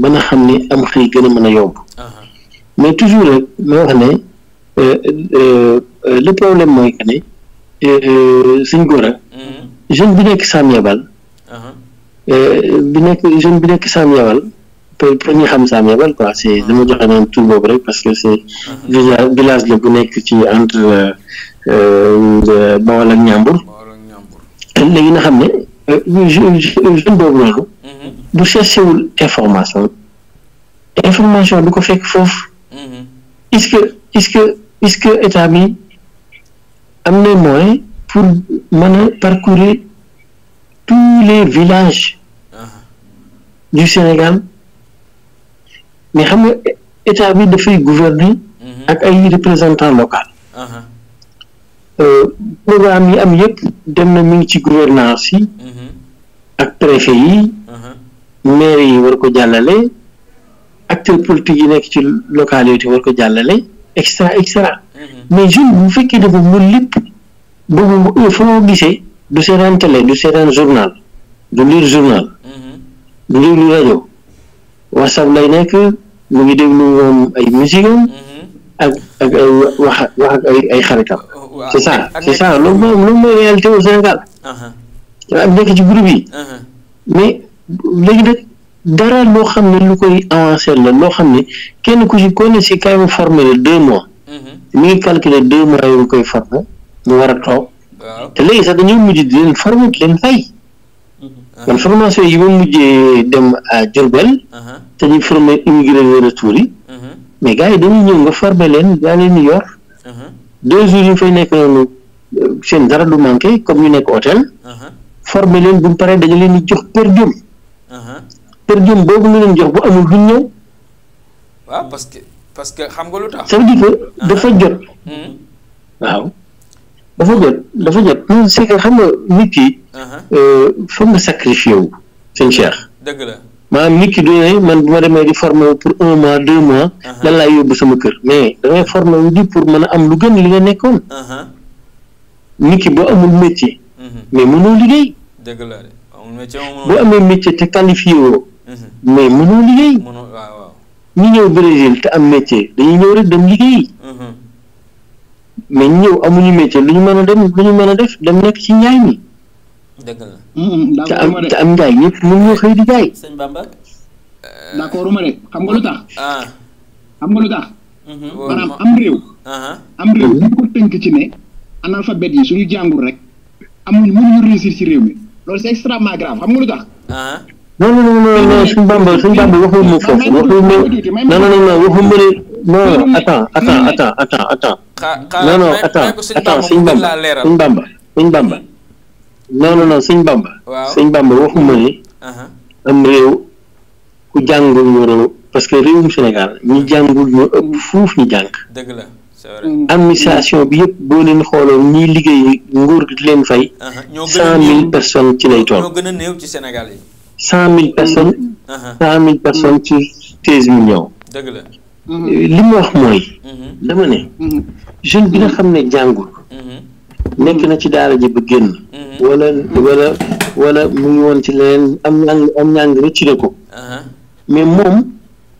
Speaker 1: mën a xam ni am xëy gën a mën a yomb mais toujours rek ma wax ne euh, euh, le problème mooy que ne euh, suñ góor a jeune bi nekk saam yabal bi nekk jeune bi nekk saam yabal pour pour ñu xam saam yabal ko c' est dama jox naan tur boobu rek parce que c' est la bu nekk ci entre Bawol ak Ñambur léegi na xam ne jeune jeune boobu mhm. du cherchewul information information du ko fekk foofu mhm. est-ce que est-ce que est-ce que état bi am na moyen pour mën a tous les villages uh-huh. du Sénégal mais xam nga état bi dafay gouverner mhm. ak ay représentants locaux uh-huh. euh, programme am yëpp dem na mi ngi ci gouvernance yi ak préfet yi maire yi war ko jàllale acteurs politiques yi nekk ci localité war ko jàllale et cetera et mais jeune bu fekkee dafa mën lépp ba mu foo gisee du seetaan télé du seetaan journal du lire journal du déglu rajo whatsapp lay nekk mu ngi déglu moom ay musique am ak ay wax wax ak ay ay xaritam c'est ça c'est ça loolu moom ak nekk ci groupe yi. Uh-huh. mais léegi nag dara loo xam ne lu koy avancé la loo xam ne kenn ku ci ko ne si kaay mu formé la deux mois. Uh-huh. mi ngi calculé deux mois yu koy formé mu war a toog. te léegi sax dañoo mujj di leen formé te leen fay. Uh-huh. man formation yi dem à Diourbel. te ñu formé immigré leen retour ñëw nga formé leen yaa leen yor. deux jours yi ñu fay nekk noonu euh, seen dara du manqué comme ñu nekk hôtel. former leen bu paree dañu leen di jox per diem. Uh-huh. per diem boobu ñu jox bu amul duñ ñëw.
Speaker 2: waaw parce que parce que xam nga lu tax. ça dafa uh-huh.
Speaker 1: jot. Hmm. waaw dafa jot dafa jot ñun c'est xam nga nit ki. Uh-huh. Euh, foog nga sacrifié wu seen cheikh. dëgg la maanaam ki du ne man bu ma demee di former wu pour un mois deux mois. lan laay yóbbu sama kër mais damay former wu di pour mën a am lu gën li nga nekkoon. nit ki boo amul métier. mais mënoo liggéey.
Speaker 2: dëgg la boo amee
Speaker 1: métier te qualifié woo. Mhm. mais mënoo liggéey. ñu ñëw Brésil te am métier dañuy ñëw rek dem liggéey. Mhm. mais ñu ñëw amuñu métier lu ñu mën a dem lu mën a def dem nekk ci njaay mi.
Speaker 5: te am te am njaay
Speaker 4: ñëpp mën ñoo xëy di jaay.
Speaker 5: sëñ euh, xam nga lu ah.
Speaker 3: mhm. am réew.
Speaker 5: am réew ñu ko tënk ci ne analphabète yi suñu jàngul rek. amuñu mënuñu réussir ci réew mi loolu c'est extrêmement grave xam nga
Speaker 3: bamba suñu bamba waxul foofu ah. waxul ma non non non waxul ma
Speaker 1: ne non attends bamba suñu bamba suñu bamba non non non bamba
Speaker 3: suñu bamba waxul
Speaker 1: ma am réew ku jàngul ñoo parce que réewum Sénégal ñi jàngul ñoo ëpp fuuf ñi jàng administration bi yëpp boo leen xooloon ñiy liggéey nguur gi leen fay. Uh-huh. cent mille personnes ci lay toll. ñoo
Speaker 2: gën a néew ci Sénégal
Speaker 1: cent mille personnes. Uh-huh. cent mille personnes ci treize millions. dëgg la euh, li mu wax mooy. Uh-huh. dama ne. jeune bi nga xam ne jàngu nekk na ci daal ji ba génn. wala wala wala mu ngi ci leneen am ñàng am ñàng rëcc na ko. mais moom.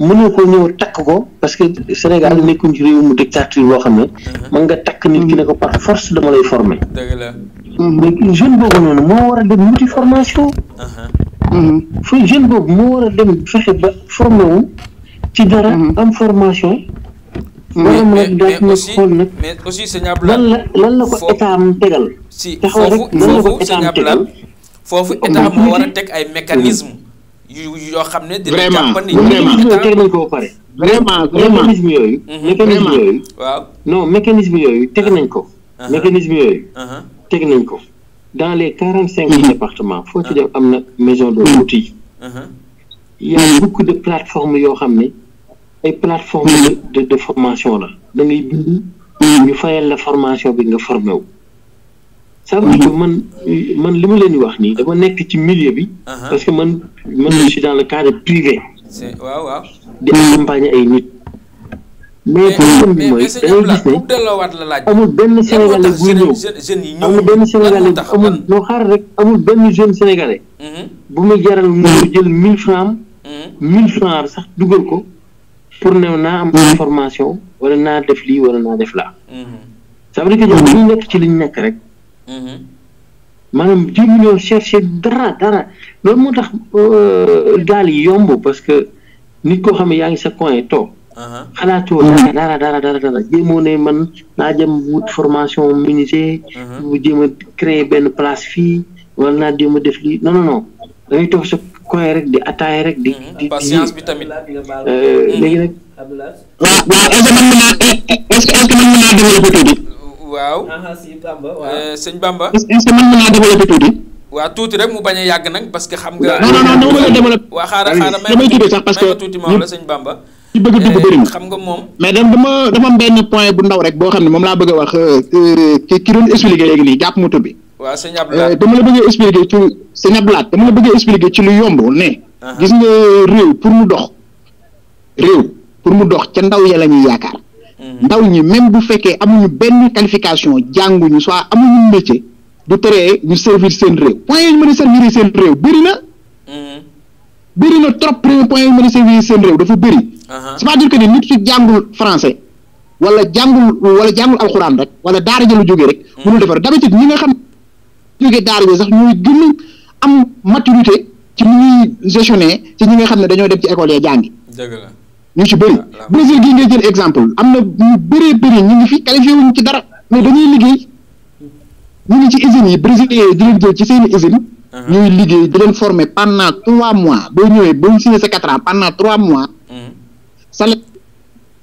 Speaker 1: mënoo ko ñëw takk ko parce que Sénégal mm-hmm. nekkuñ ci réew mu dictature boo xam ne mm-hmm. mën nga takk nit ki ne ko par force dama lay former mais jeune boobu noonu moo war a dem mu wuti formation
Speaker 3: uh-huh.
Speaker 1: mm-hmm. fooy jeune boobu moo war a dem fexe ba formé wu ci dara am formation mais mais aussi mais
Speaker 3: aussi
Speaker 2: sëñ la
Speaker 1: lan la ko état tegal
Speaker 2: si foofu foofu sëñ Abdoulaye foofu état a teg ay mécanisme yu yoo xam ne. dina jàpp ni
Speaker 1: vraiment ko pare. vraiment vraiment mécanisme yooyu. Mhm. mécanisme yooyu. waaw non mécanisme yooyu teg nañ ko. Uh-huh. mécanisme yooyu. Uh-huh. teg nañ ko dans les quarante cinq mhm. départements foo ci uh-huh. def am na maison de mhm. uti y a de plateforme yoo xam ne ay plateformes de de formation la da ngay ñu fayal la formation bi nga formé wu. ça veut man man li ma leen di wax nii dama nekk ci milieu bi. Uh-huh. parce que man man je suis dans le cadre privé. waaw waaw. di accompagner ay nit. mais problème bi mooy da ngay gis ne amul benn sénégalais buy ñëw amul benn sénégalais amul noo xaar rek amul benn jeune sénégalais. Mm-hmm. bu muy jaral mu mm-hmm. jël mille francs mm-hmm. mille francs sax dugal ko pour ne naa am information wala naa def lii wala naa def laa. ça veut dire que nekk ci li nekk rek. Mhm. maanaam jéemuñoo cherché dara dara loolu moo tax euh, gaal yi yomb parce que nit koo xam ne yaa ngi sa coin toog. xalaatoo dara dara dara dara jéemoo ne man naa jëm wut formation menuisier. bu mhm. jéem a créer benn place fii wala naa jéem a def lii non non non da ngay toog sa coin rek di attaay rek. di mhm. di patience euh, léegi nag. waaw waaw est-ce naa
Speaker 3: est-ce que man mën
Speaker 2: waaw si Bamba waaw eh, sëñ Bamba. est-ce que mën naa développer tuuti. waaw tuuti rek mu bañ a yàgg nag parce que xam nga. non non non mën a développer. waaw xaaral xaaral may ma tuuti sax parce que may ma tuuti moom la sëñ
Speaker 5: Bamba. ci bëgg dugg eh, bëri na xam nga moom. mais dama dama am benn point bu ndaw rek boo xam ne moom laa bëgg a wax euh, ki ki doon expliquer léegi nii jàpp moto bi.
Speaker 2: waaw sëñ Abdoulaye euh,
Speaker 5: dama la bëgg a expliquer ci sëñ Abdoulaye dama la bëgg a expliquer ci lu yomb ne. gis nga réew pour mu dox réew pour mu dox ca ndaw ya la ñuy yaakaar Mm-hmm. ndaw ñi même bu fekkee amuñu benn qualification jànguñu soit amuñu métier du teree ñu servir seen réew point yi ñu mën a seen réew bëri na. Mm-hmm. bëri na trop premier point mën a seen réew dafa bëri. Uh-huh. c'est-à-dire que ni nit su jàngul français wala jàngul wala jàngul alxuraan rek wala daara ja lu jógee rek. Mm-hmm. mënul defar d'habitude ñi nga xam ne jógee sax ñooy gën am maturité ci nu ñuy gestionner ci ñi nga xam ne dañoo dem ci école ya jàngi. ñu ci bëri Brésil gii ngay jël exemple am na ñu bëree bëri ñu ngi fi qualifié wuñ ci dara mais dañuy liggéey ñu ngi ci usines yi brésilien yi di leen jël ci seen i usine uh-huh. ñuy liggéey daleen leen former pendant trois mois boo ñëwee boo signé sa quatre ans pendant trois mois uh-huh. salaire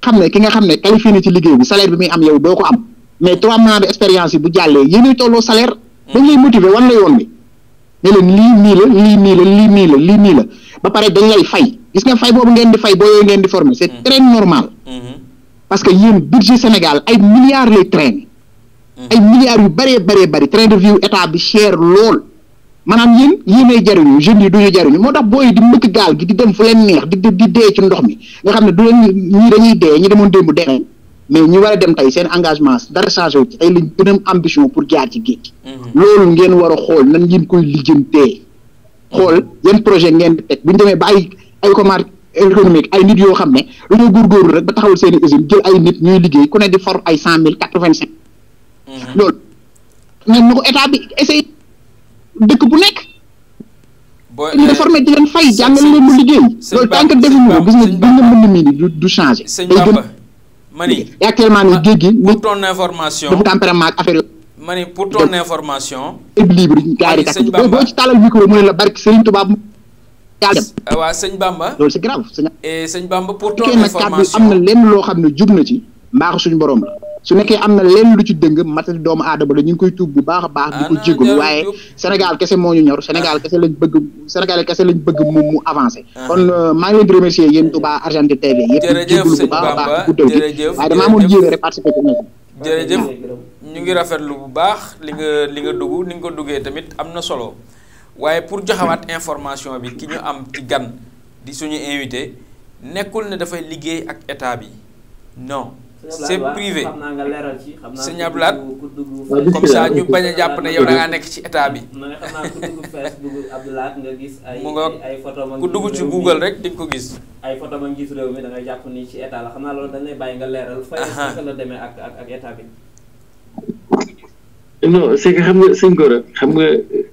Speaker 5: xam ne ki nga xam ne qualifié na ci liggéey bi salaire bi muy am yow doo ko am mais trois mois d'expérience yi bu jàllee yéenay tolloo salaire uh-huh. dañ lay motiver wan la yoon bi ne leen lii la lii nii la nii la lii nii la ba pare dañ lay fay gis nga fay boobu ngeen di fay booyoo ngeen di former c' est mm-hmm. normal mm-hmm. parce que yéen budget Sénégal ay milliards lay traîner mm-hmm. ay milliards yu bëree baree bari train de vie état bi cher lool maanaam yéen yéenay jariñu jeunes yi duñu jariñu moo tax booy di mëkk gaal gi di dem fu leen neex di di dee ci ndox mi nga xam ne du leen ñii dañuy dee ñi demoon démb dee mais ñu war a dem tay seen engagement dara changé wu ci tey lañ gën a am ambition pour jaar ci ngeen war a xool nan ngeen koy lijjantee xool yan projet ngeen bu ñu demee ba ay commerce ay nit yoo xam ne dañoo góorgóorlu rek ba taxawal seen i usine ay nit ñuy liggéey ku ne di for ay cent mille quatre vingt cinq mhm. loolu ñun ñu ko état bi essayé dëkk bu nekk ñu euh, réformé di leen fay mu liggéey loolu tant que defuñu ko gis nga gis nga ni du changé day gën mani actuellement nii géej gi pour
Speaker 2: ton information
Speaker 5: dafa tempérament ak affaire mani pour ci taalal micro mu ne la barki Serigne Touba yàlla
Speaker 2: dem. waaw sëñ Bamba. loolu c'est grave sëñ. Eh, sëñ Bamba pour ton information am na lenn
Speaker 5: loo xam ne jub na ci mbaaxu suñu borom la. su nekkee am na lenn lu ci dëng matali doomu aadama la ñu ngi koy tuub bu baax a baax. di ko ah, jégalu waaye kese moo ñu ñor Sénégal ah. kese lañ bëgg Sénégal kese lañ bëgg mu mu avancé. Ah. kon euh, maa ngi leen di bu baax a baax
Speaker 2: di guddal gi waaye damaa amoon yéene
Speaker 5: rek participer ci nekk.
Speaker 2: jërëjëf ñu ngi rafetlu bu baax li nga li nga dugg ni nga ko duggee tamit am na solo. waaye pour joxewaat information bi ki ñu am ci gan di suñu invité nekkul ne dafay liggéey ak état bi non. c'est privé sëñ laat comme ça ñu bañ a jàpp ne yow da nekk ci état bi
Speaker 6: mu nga ku dugg ci Google rek dañ ko gis. ay photo ma njiitu réew mi da jàpp ni ci état la loolu dañ bàyyi nga leeral. fay la ak ak état
Speaker 1: non c'est que xam nga sëñ Gora xam nga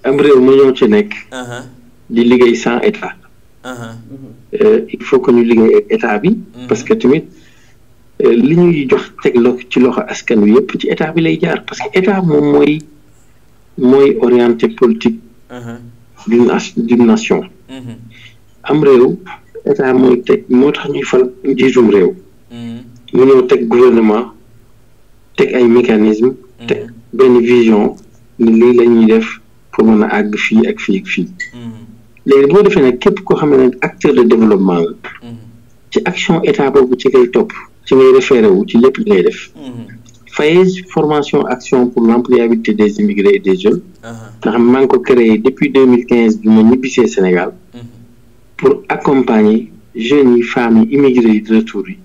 Speaker 1: am réew ma ñoo ci nekk. Uh-huh. di liggéey sans état. Uh-huh. Euh, il faut que ñu liggéey état bi. Uh-huh. parce que tamit euh, li ñuy jox teg lo ci loxo askan bi yëpp ci état bi lay jaar parce que état moom mooy mooy orienté politique. d'une d'une nation. am réew état mooy teg moo tax ñuy fal jiitum réew. mu ñëw teg gouvernement teg ay mécanismes teg. benn vision lii lañuy def pour mën a àgg fii ak fii ak fii mm-hmm. léegi boo defee nag képp koo xam ne nag acteur de développement la mm-hmm. ci action état boobu ci ngay topp ci ngay référé wu ci lépp li ngay def FAES mm-hmm. formation action pour l'employabilité des immigrés et des jeunes uh-huh. nga xam maa ngi ko créé depuis deux mille quinze bi ma ñibbisee Sénégal pour accompagner jeunes yi femmes yi immigrés yi de retour yi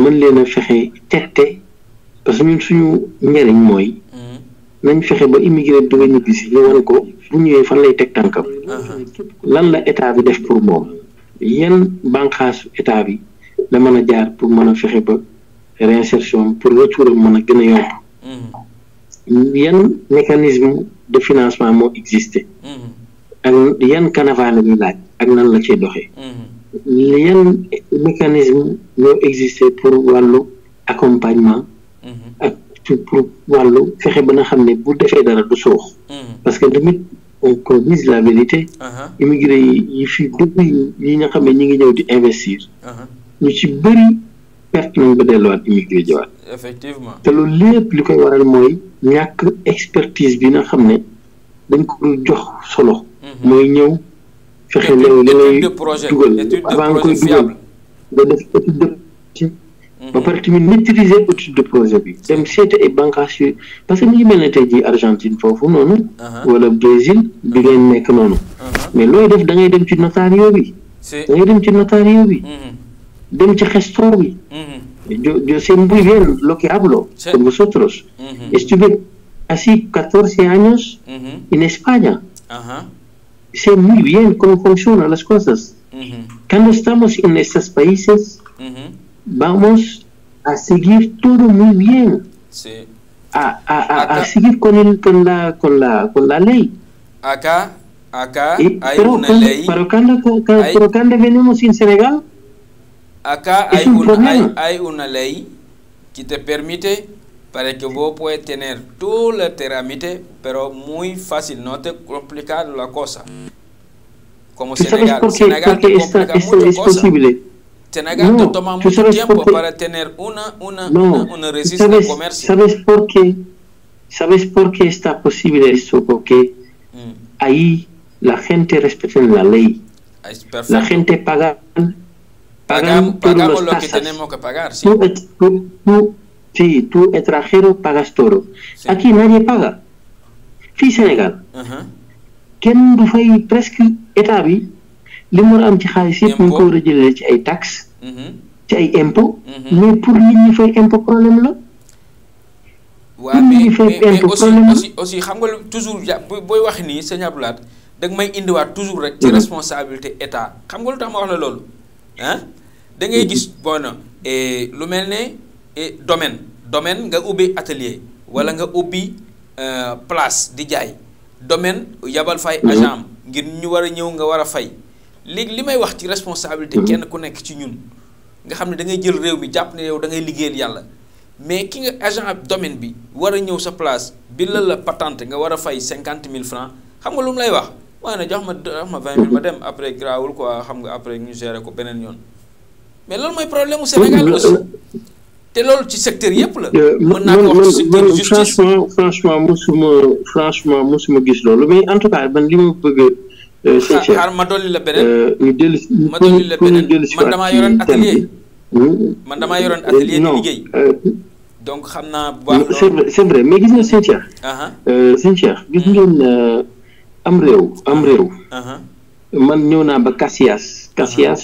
Speaker 1: mën leen a fexe tette parce que suñu njëriñ mooy mm-hmm. nañ fexe ba immigré bi nga ñibbi si ñu ko bu ñëwee fan lay teg tànkam
Speaker 3: uh-huh.
Speaker 1: lan la état bi def pour moom yan bànqaasu état bi la mën a jaar pour mën a fexe ba réinsertion pour retour am mën a gën a yomb mm-hmm. yan mécanisme de financement moo existé mm-hmm. ak yan canevas la laaj ak nan la ciy doxee yan mécanisme ñoo existé pour wàllu accompagnement ci pour wàllu fexe ba na xam ne bu defee dara du soox mm-hmm. parce que tamit on qu'on dise la vérité uh-huh. immigré yi yi fii bëri yi nga xam ne ñi ngi ñëw di investir uh-huh. ñu ci bëri perte nañ ba delluwaat immigré jawaat te loolu lépp li koy waral mooy ñàkk expertise bi nga xam ne dañ ko jox solo
Speaker 3: mm-hmm. mooy
Speaker 1: ñëw fexe léegi da lay dugal nga koy dugal nga def étude de ba pare tamit maîtriser étude de projet bi dem seeti ay bànqaas yooyu parce que mi ngi mel ne tey jii Argentine foofu noonu. Uh-huh. wala Brésil bi uh-huh. ngeen nekk noonu. Uh-huh. mais looy def da ngay dem ci notario bi. da dem ci notario bi. Mm-hmm. dem ci gestor bi. yo, mm-hmm. yo muy bien lo mm-hmm. que hablo sí. con vosotros. Uh -huh. Estuve así 14 años uh España.
Speaker 3: Uh
Speaker 1: muy bien cómo funcionan las cosas. Cuando estamos en estos países, vamos a seguir todo muy bien. A, seguir con, la, ley. Acá,
Speaker 2: acá pero, una cuando, ley. Pero acá,
Speaker 1: acá, hay, le venimos
Speaker 2: una, ley que te permite para que vos puedes tener todo el trámite, pero muy fácil, no te complica la cosa.
Speaker 3: Como Porque esta, es cosa.
Speaker 2: Tenagante no, toma sabes,
Speaker 1: de está posible esto? Porque mm. ahí la gente respeta la ley. Ah, la gente paga, pagan, Pagam, pagamos lo tasas. extranjero, pagas todo. Aquí nadie paga. Sí, Senegal. Uh -huh. Quem foi presque établi li mu war a am ci xaalis yëpp war a jëlee ci ay taxes. Mm-hmm. ci ay impôts. Mm-hmm. mais pour nit ñi fay impôt problème la.
Speaker 2: waaw mais mais aussi aussi xam nga lu toujours ja booy wax nii sëñ Abdou may indiwaat toujours rek. ci mm-hmm. responsabilité état xam nga lu tax ma wax loolu ah. ngay gis euh, lu mel ne eh, domaine domaine nga ubbi atelier wala nga ubbi euh, place di jaay domaine yabal fay agent ngir ñu war a ñëw nga war a fay. léegi li may wax ci responsabilité mhm. kenn ku nekk ci ñun nga xam ne da ngay jël réew mi jàpp ne yow da ngay liggéeyal yàlla mais ki nga agent domaine bi war a ñëw sa place bi la la patente nga war a fay cinquante mille francs xam nga lu mu lay wax waaye na jox ma jox ma vingt mille ma dem après grawul ah xam nga après ñu gérer ko beneen yoon mais loolu mooy problème mu Sénégal aussi euh, te loolu ci secteur yëpp la. Euh, mën naa ko wax ci secteur
Speaker 1: justice franchement franchement mosuma franchement gis loolu mais en tout cas Euh, Seychelles xaar
Speaker 2: ma dolli la beneen. ñu euh, dellu si ma dolli la beneen man damaa yoroon atelier. man damaa yoroon atelier di liggéey. Euh, donc xam naa bu baax. c'est vrai
Speaker 1: c'est vrai mais gis nga Seychelles. Uh-huh. Seychelles gis mm-hmm. ngeen am réew am uh-huh. réew.
Speaker 3: Uh-huh.
Speaker 1: man ñëw naa ba Caxias. Caxias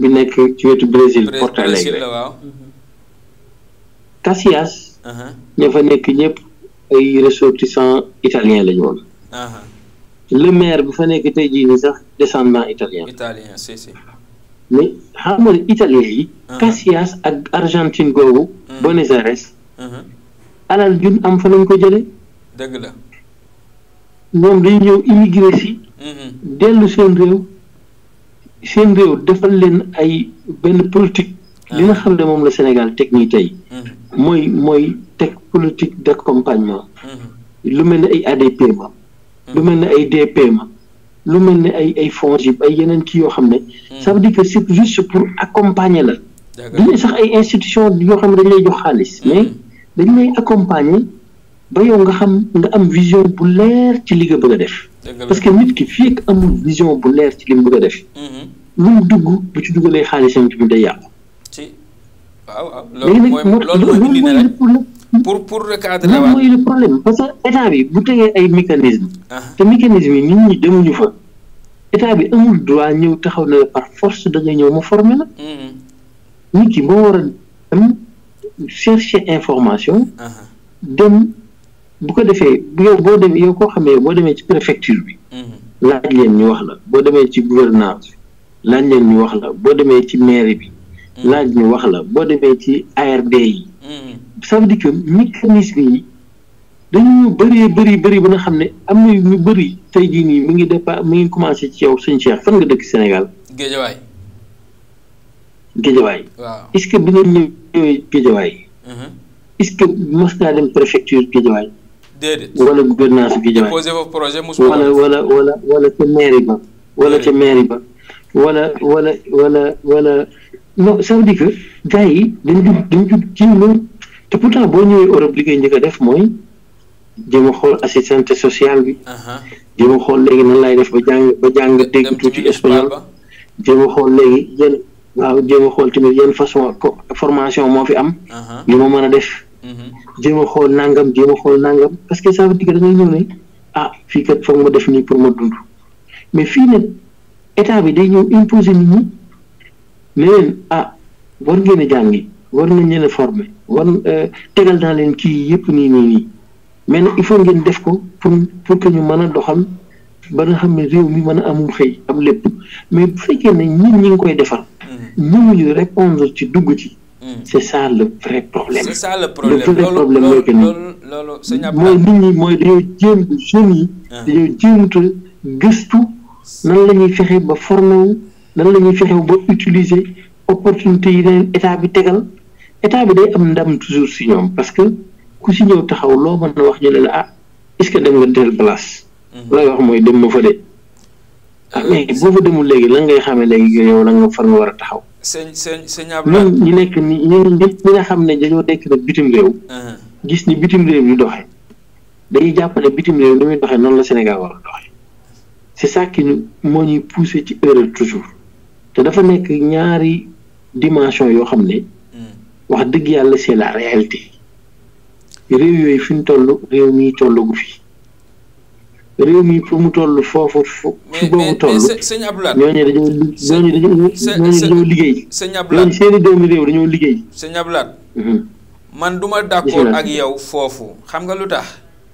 Speaker 1: bi nekk ci wetu Brésil. Porto Alegre waaw. Mm-hmm. Caxias. ña fa nekk ñëpp ay ressortissants italiens la ñu woon. le maire bu fa nekk tey jii sax descendant italien. italien si si. mais xam nga yi. Uh-huh. Casillas ak Argentine googu. Uh-huh. Buenos Aires. Uh-huh. alal jun am fa lañ ko jëlee. moom la. ñoom dañu ñëw immigré si. dellu seen réew. seen réew defal leen ay benn politique. li nga xam ne moom la Sénégal teg nii tey. mooy mooy teg politique d' lu mel ne ay ADP ba. Mm-hmm. lu mel ne ay DPMA lu mel ne ay ay FONGIP ay yeneen kii yoo xam ne mm-hmm. ça veut dire que c'est juste pour accompagner la duñu sax ay institution yoo xam ne dañ lay jox xaalis mm-hmm. mais dañ lay accompagner ba yow nga xam nga am vision bu leer ci li nga bëgg a def parce que nit ki fii ak amul vision bu leer ci li mu bëgg a def lu mu dugg bu ci dugalee xaalisam ci mu day yàqu pour pour recadrer waaw mooy le problème parce que état bi bu tegee ay mécanisme ah. te mécanisme yi nit ñi demuñu fa état bi amul droit ñëw taxaw na par force da ñëw ma former la mm-hmm. nit ki boo war a dem chercher information ah. dem bu ko defee yow boo demee yow koo xamee boo demee ci préfecture bi mm-hmm. laaj leen ñu wax la boo demee ci gouvernance bi laaj leen ñu wax la boo demee ci mairie bi mm-hmm. laaj ñu wax la boo demee ci ARD yi ça veut dire que mécanisme yi dañu bëree bëri ba nga xam ne am na ñu bëri tey jii nii mu ngi départ mu ngi commencé ci yow sëñ Cheikh fan nga dëkk Sénégal. Géejawaay. Géejawaay. waaw est que bi nga ñëwee Géejawaay. Mhm. est-ce que mos naa dem préfecture Géejawaay. wala gouvernance Géejawaay. déposé foofu
Speaker 2: projet mosul wala wala
Speaker 1: wala wala wala ca mairie ba. wala wala wala wala non ça veut dire que gars yi dañu dañu te pourtant boo ñëwee Europe li ngay njëkk def mooy jéem a xool assistante sociale bi. jéem xool léegi nan laay def ba jàng ba jàng dégg tuuti espagnol. jéem a xool léegi yan waaw a xool tamit yan façon formation moo fi am. li ma mën a def. Mhm. jéem a xool nangam jéem a xool nangam parce que ça veut dire que da ah, fii kat foog ma def nii pour ma dund mais fii nag état bi day ñëw imposer nit ñi ne leen ah war ngeen a jàngi. war nañ leen a former war euh, tegal naa leen kii yëpp nii nii nii mais nag il faut ngeen def ko pour pour que ñu mën a doxal ba nga xam ne réew mi mën a amum xëy am lépp mais bu fekkee ne ñun ñi koy defar. Mm-hmm. ñëwuñu répondre ci dugg ci. Mm-hmm. c'est ça le vrai
Speaker 2: ça le problème le vrai problème mooy que ni mooy nit ñi
Speaker 1: mooy dañoo jéem yi. Ah. dañoo jéemut a gëstu nan la fexe ba former wu nan la ñuy fexe ba utiliser opportunité yi leen état bi tegal. état bi day am ndam toujours si ñoom parce que ku si ñëw taxaw loo mën a wax ñu ne la ah est-ce que dem nga tel place. Mhm. looy wax mooy dem ma fa de. ah euh, mais boo fa demul léegi lan ngay xamee léegi yow lan nga far war a taxaw.
Speaker 2: sëñ sëñ sëñ
Speaker 1: ñi nekk ni ñooñu ñëpp ñi nga xam ne dañoo nekk nag bitim réew. Mhm. gis ni bitim réew yu doxee. dañuy jàpp bitim réew ni muy doxee noonu la Sénégal war a doxee. c'est ça moo ñuy poussé ci erreur toujours te dafa nekk ñaari dimension yoo xam ne. wax dëgg yàlla c'est la réalité réew yooyu fi ñu toll réew mi tollagu fi réew mii pour mu toll foofu fi boobu toll ñooñu dañoo liggéey ñooñu seeni doomi réew dañoo liggéey
Speaker 2: sëñ Ablaat mhm. man du ma ak yow foofu xam nga lu tax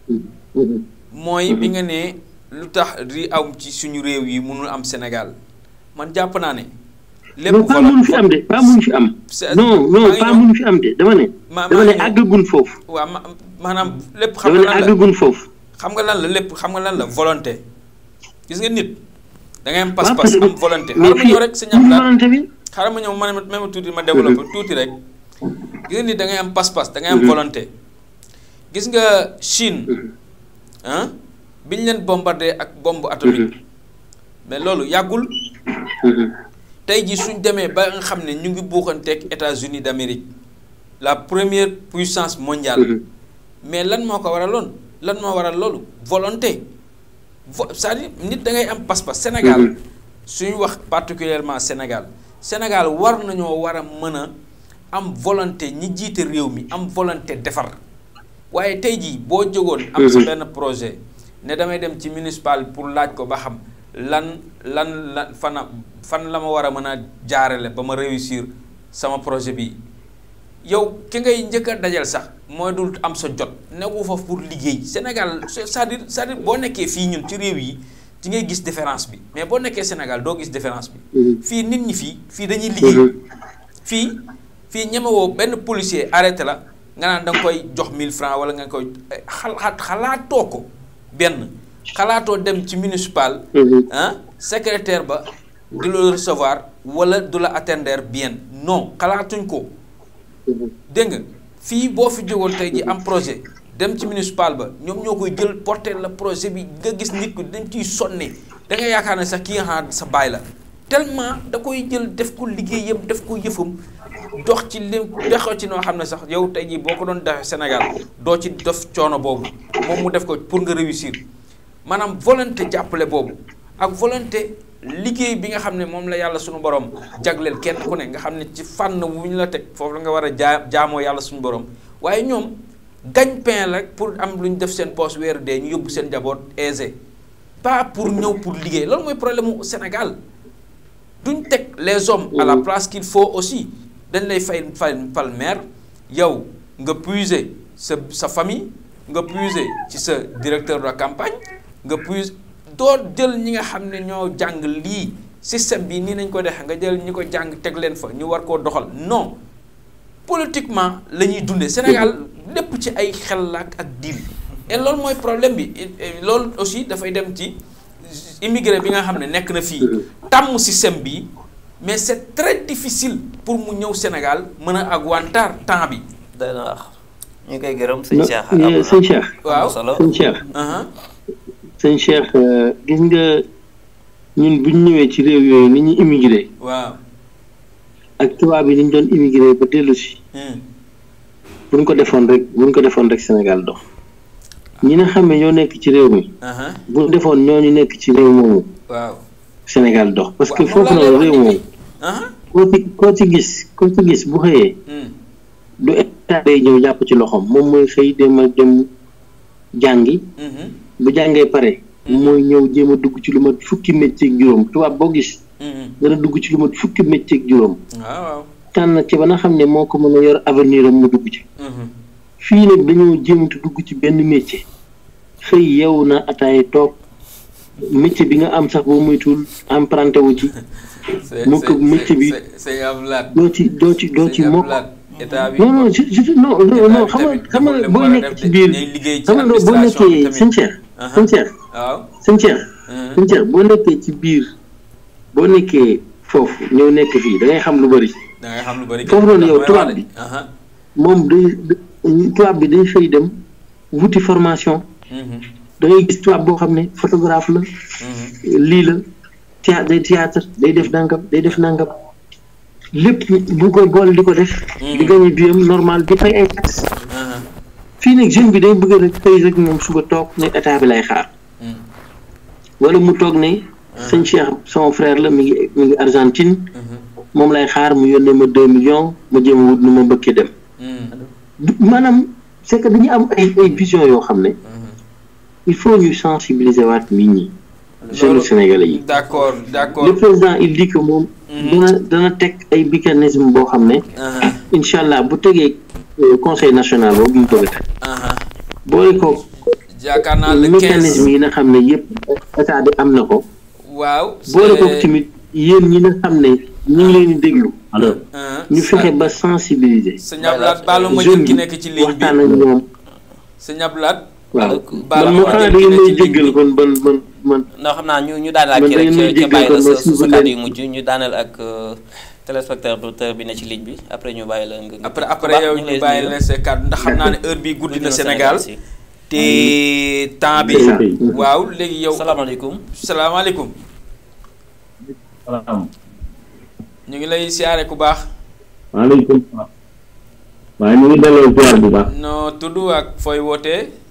Speaker 1: mhm. Mhm.
Speaker 2: mooy bi nga ne lu tax di am ci suñu réew yi mënul am senegal man jàpp naa ne lépp non pas
Speaker 1: fi am de pas mënu fi am. non non pas fi am de dama ne. dama ne àggagun foofu.
Speaker 2: waaw maanaam lépp xam nga lan la dama foofu. xam lan la lépp xam nga lan la volonté gis nga nit. da am pas-pas am volonté. mais fii am volonté bi xaaral ma ñëw ma ne ma tuuti ma développé mm-hmm. tuuti rek. gis nga nit da ngay am pas-pas da ngay am mm-hmm. volonté. gis nga Chine. Mm-hmm. ah biñ leen bombardé ak bombe atomique. mais loolu yàggul. tey jii suñ demee ba nga xam ne ñu ngi buuxanteeg États-Unis d'Amérique la première puissance mondiale. Mm-hmm. mais lan moo ko waraloon lan moo waral loolu volonté. vo nit da ngay am pas-pas Sénégal mm-hmm. suñu wax particulièrement Sénégal Sénégal war nañoo war a mën a am volonté ñi jiite réew mi am volonté defar waaye tey jii boo jógoon. am sa mm-hmm. benn projet ne damay dem ci municipal pour laaj ko ba xam. lan lan lan fan a fan la ma war a mën a jaarale ba ma réussir sama projet bi yow ki ngay njëkk a dajal sax mooy dul am sa jot nekku foofu pour liggéey Sénégal c'est-à-dire cest dire boo nekkee fii ñun ci réew yi ci ngay gis différence bi mais boo nekkee Sénégal doo gis différence bi mm-hmm. fii nit ñi fii fii dañuy liggéey mm-hmm. fii fii ñemewoo benn policier arrêté la nga naan danga koy jox mille francs wala nga koy eh, xalaat xalaatoo ko benn xalaatoo dem ci municipal. ah secrétaire ba di la recevoir wala du la attendre bien non xalaatuñ ko. Mhm. dégg nga fii boo fi jógoon tey ji am projet dem ci municipal ba ñoom ñoo koy jël porter la projet bi nga gis nit ko dañ ciy sonne da nga yaakaar ne sax ki nga la tellement da koy jël def ko liggéeyam def ko yëfam dox ci li doxo ci noo xam ne sax yow tey jii boo ko doon defee Sénégal doo ci def coono boobu moom mu def ko pour nga réussir maanaam volonté jàppale boobu ak volonté liggéey bi nga xam ne moom la yàlla suñu borom jagleel kenn ku ne nga xam ne ci fànn wu ñu la teg foofu la nga war a jaa jaamoo yàlla suñu borom waaye ñoom gagne-pain la pour am lu ñu def seen poche weer dee ñu yóbbu seen njaboot aisé pas pour ñëw pour liggéey loolu mooy problème mu Sénégal duñ teg les hommes à la place qu'il faut aussi dañ lay fay fay fal yow nga puiser sa sa famille nga puiser ci sa directeur de campagne nga puis doo jël ñi nga xam ne ñoo jàng lii système bi nii nañ ko dexe nga jël ñi ko jàng teg leen fa ñu war koo doxal non politiquement la ñuy dundee Sénégal lépp ci ay xel la ak diil et loolu mooy problème bi loolu aussi dafay dem ci immigré bi nga xam ne nekk na fii tàmm système bi mais c'est très difficile pour mu ñëw Sénégal mën a aguantar temps bi. day na wax ñu koy gërëm sëñ Cheikh. waaw
Speaker 1: sëñ uh-huh. sëñ Cheikh euh, gis nga ñun bu ñu ñëwee ci réew yooyu ni ñuy immigré. waaw ak tubaab yi ni doon immigré ba dellu si. Hmm. buñ ko defoon rek buñ ko defoon rek Sénégal dox. ñi ne xam ñoo nekk ci réew mi. Uh-huh. buñ defoon ñooñu nekk ci réew moomu. waaw Sénégal dox parce que foofu noonu réew moomu. Uh-huh. koo ci koo ci gis koo ci gis bu xëyee. Hmm. du état day ñëw jàpp ci loxoom moom mooy xëy dem ak dem jàngi. Mm-hmm. bu jàngee pare. Mm-hmm. mooy ñëw jéem a dugg ci lu mat fukki métier ak juróom tubaab boo gis. Mm-hmm. dana dugg ci lu mat fukki métier ak juróom. waaw ah, waaw tànn ci ba nga xam ne moo ko mën a yor avenir am mu dugg ci. Mm-hmm. fii nag dañoo jéem dugg ci benn métier xëy yow na ataay toog métier bi nga am sax boo moytuwul emprunté wu ci.
Speaker 2: <laughs> mu ko métier
Speaker 1: bi doo ci doo ci doo ci mokk. état bi. non non non non xam nga xam nga boo nekk ci biir xam nga boo nekkee sëñ Cheikh. sëñ Cheikh. waaw sëñ Cheikh. sëñ Cheikh boo nekkee ci biir boo nekkee foofu ñëw nekk fii da ngay xam lu bëri. da ngay xam lu
Speaker 3: bëri foofu noonu yow tubaab bi.
Speaker 1: moom day tubaab bi day fay dem wuti formation. Mhm. da ngay gis tubaab boo xam ne photographe la.
Speaker 3: Mhm.
Speaker 1: lii la théâtre day théâtre day def nangam day def nangam. lépp bu ko boole di ko def. di mhm. gagné bi am normal di fay ay tax. Mhm. fii nag jeune bi day bëgg rek xëy rek moom suba toog ne état bi lay xaar. Mhm. wala mu toog ne. sëñ Cheikh sama frère la mi ngi mi ngi Argentine. moom lay xaar mu yónnee ma deux millions ma jéem wut nu ma bëggee dem. maanaam c'est que dañu am ay ay vision yoo xam ne. il faut ñu sensibiliser waat nit ñi. jeune Sénégalais yi. d'accord d'accord le président il dit que moom. Mhm. dana dana teg ay mécanisme boo xam ne. Mhm. incha allah bu tegee euh, conseil national boobu mu bëgg a teg. boole ko. yaakaar naa le yi nga xam ne yëpp état bi am na ko. waaw boole ko tamit yéen ñi xam ne ñu ngi leen di déglu. alors mhm. ñu fexe ba sensibiliser. sëñ Abdoulaye Balo ma jël nekk
Speaker 6: ci ligne bi waxtaan ak ñoom. sëñ Abdoulaye. waaw man ma xanaa da ngeen may kon ban ban. man xam naa ñu ñu daaneel ak kii rek ca bàyyi la sa kàddu yu mujj ñu daaneel ak euh, téléspectateur bi ne ci ligne bi après ñu bàyyi la nga. après après yow
Speaker 2: kàddu ndax xam naa ne heure bi guddi na Sénégal te temps bi. waaw léegi yow salaamaaleykum. salaamaaleykum. ñu ngi lay siyaare ku baax.
Speaker 4: maaleykum bu baax.
Speaker 2: non tudd ak fooy wootee.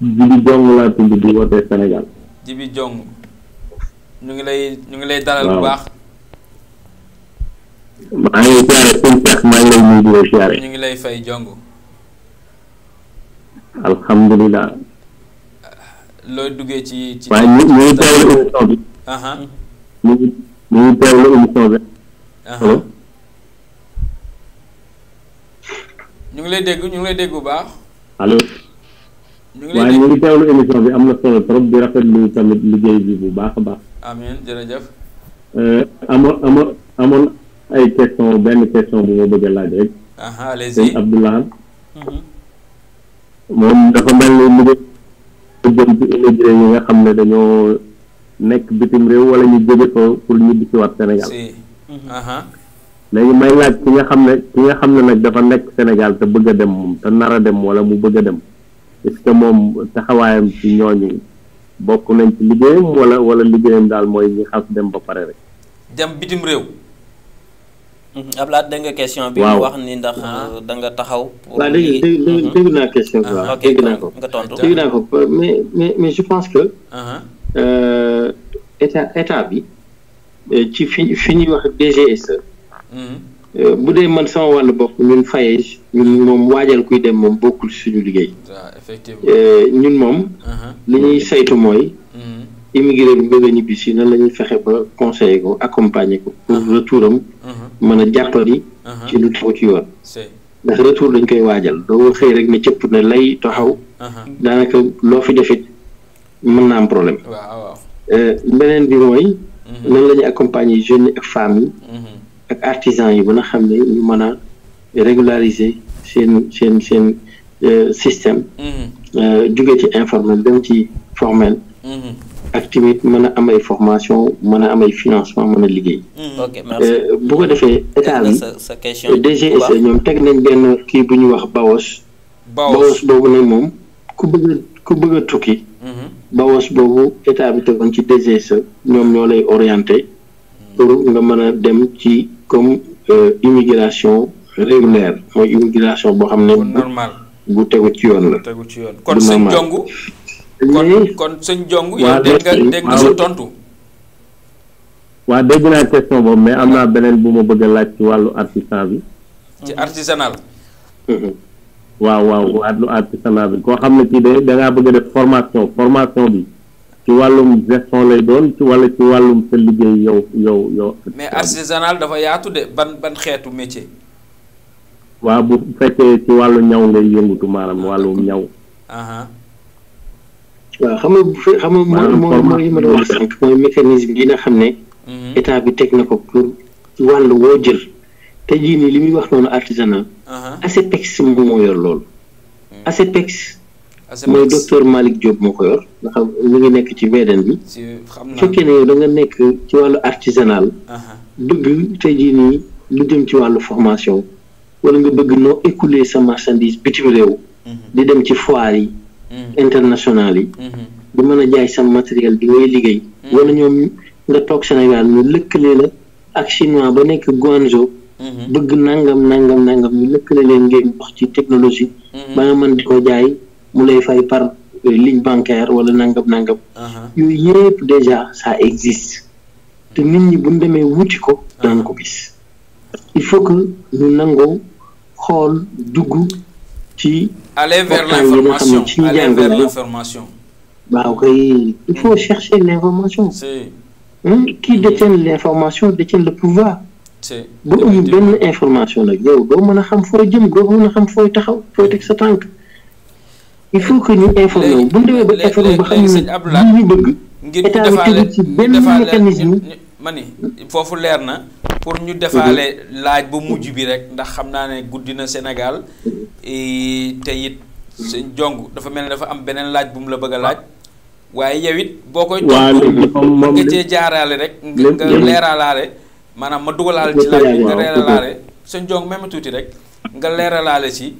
Speaker 4: Djibi Diong laa tudd di wootee Sénégal.
Speaker 2: Djibi Diong ñu ngi lay ñu ngi lay dalal bu baax.
Speaker 4: maa ngi siyaare sëñ Cheikh maa ngi lay nuyu di la siyaare. ñu ngi lay fay jong. alhamdulilah. looy duggee ci ci. waaye ñu ñu ngi teewlu émission bi. ñu ngi ñu ngi teewlu émission bi.
Speaker 2: allo. ñu ngi lay dégg ñu ngi lay dégg bu baax.
Speaker 4: allo. waaye ñu ngi teewlu émission bi am na solo trop di rafetlu tamit liggéey bi bu baax a baax.
Speaker 2: amiin jërëjëf.
Speaker 4: amoon euh, amoon amoon ay question benn question bu ma bëgg laaj rek. allez-y mhm. moom dafa mel ni liggéey bu jëm ci immigré nga xam ne dañoo nekk bitim réew wala ñu jóge fa pour ñibbi si waat Sénégal.
Speaker 3: Mhm.
Speaker 4: léegi may laaj ki nga xam ne ki nga xam ne nag dafa nekk Sénégal te bëgg a dem moom te nar a dem wala mu bëgg a dem. est que moom taxawaayam ci ñooñu bokk nañ ci liggéeyam wala wala liggéeyam daal mooy ñi xas dem ba pare rek.
Speaker 6: dem bitim réew. Mhm. Ablaye dégg nga question bi. waaw wax ni ndax ah. euh, da nga taxaw. pour léegi dégg mhm. dégg
Speaker 1: naa question bi. Ah, naa ko nga
Speaker 3: tontu dégg naa ko
Speaker 1: euh, mais mais mais je pense que. Uh-huh. Euh, état état bi ci fi fi ñuy wax DGSE. Mhm. Euh, bu dee man sama wàllu bopp ñun Fayez ñun moom waajal kuy dem moom bokkul suñu liggéey.
Speaker 3: Ah, euh, ñun moom. Uh-huh.
Speaker 1: li ñuy saytu mooy. Mm-hmm. immigré bi bëgg a ñibbi si nan la ñuy fexe ba conseiller ko accompagner ko pour uh-huh. retour am. Uh-huh. mën a jàppali. ci lu taw ci yoon. ndax retour dañ koy waajal doo xëy rek ne cëpp ne lay taxaw. daanaka loo fi defit mën na am problème. Euh, beneen bi mooy. Mm-hmm. nan la ñuy accompagner jeunes ak femmes yi. Mm-hmm. ak artisan yi ba nga xam ne ñu mën a régulariser seen seen seen euh, système mm-hmm. euh, jóge ci informel dem ci formel mm-hmm. ak tamit mën a am ay formation mën a am financement mën a liggéey mm-hmm. euh, bu ko defee état bi
Speaker 6: DGSE ñoom
Speaker 1: teg nañ benn kii bu ñu wax bawos bawos boobu nag moom ku bëgg a ku bëgg tukki bawos boobu état bi tegoon ci DGSE ñoom ñoo lay orienté pour nga mën a dem ci comme euh, immigration régulière mooy immigration boo xam ne. normal bu
Speaker 2: tegu ci yoon la. tegu ci yoon kon sëñ jong. kon kon sëñ jong. yow dégg nga tontu.
Speaker 4: waa dégg naa question boobu mais am naa ah. beneen bu ma bëgg laaj ci wàllu artisan bi.
Speaker 2: ci artisanal.
Speaker 4: Mm-hmm. waaw waaw lu artisanal bi koo xam ne kii da dangaa bëgg a def formation formation bi. ci wàllum gestion lay doon ci walla ci wàllum sa liggéey yow yow
Speaker 2: mais artisanal dafa yaatu de ban ban xeetu métier.
Speaker 4: waaw bu fekkee ci wàllu ñaw ngay yëngutu maanaam wàllum ñaw. waaw xam nga bu fe mooy mooy
Speaker 3: ma doon wax sànq
Speaker 1: mooy mécanisme yi nga xam ne. Mhm. état bi teg na ko pour wàllu woo jël. te jii nii li muy wax noonu artisanal. ASEPEX moom moo yor loolu. Mhm. ASEPEX. mooy docteur Malick Diop moo ko yor nga xam mu ngi nekk ci VDN bi fekkee ne yow da nga nekk ci wàllu artisanal bëgg tey jii nii lu jëm ci wàllu formation wala nga bëgg no écouler sa marchandise bitim réew mhm. di dem ci foire yi mhm. international yi mhm. di mën a jaay sa matériel bi ngay liggéey wala ñoom nga toog Sénégal ñu lëkkale la ak chinois ba nekk Guangzhou bëgg nangam nangam nangam ñu lëkkale leen ngeen wax ci technologie ba nga mën di ko jaay mu lay fay par euh, ligne bancaire wala nangam nangam. yooyu yëpp déjà sa existe te nit ñi bu ñu demee wuti ko daan ko gis il faut que ñu nangoo xool dugg ci. aller vers l'information aller vers
Speaker 2: l'information
Speaker 1: waaw kay il faut mm-hmm. chercher l'information. Hmm? qui mm-hmm. détient l'information détient le pouvoir. bu amul benn information nag yow doo mën a xam fooy jëm doo mën a xam fooy taxaw fooy teg sa tànk. il faut que ñu informé wu bu ñu demee ba informé ba xam
Speaker 2: ne ñu ma ni foofu leer na pour ñu defaale laaj bu mujj bi rek ndax xam naa ne guddi na Sénégal te it jong dafa mel ne dafa am beneen laaj bu mu la bëgg a laaj waaye yow it boo koy topp nga cee jaaraale rek nga leeralaale maanaam ma dugalaale ci laaj bi nga leeralaale sëñ jong même tuuti rek nga leeralaale si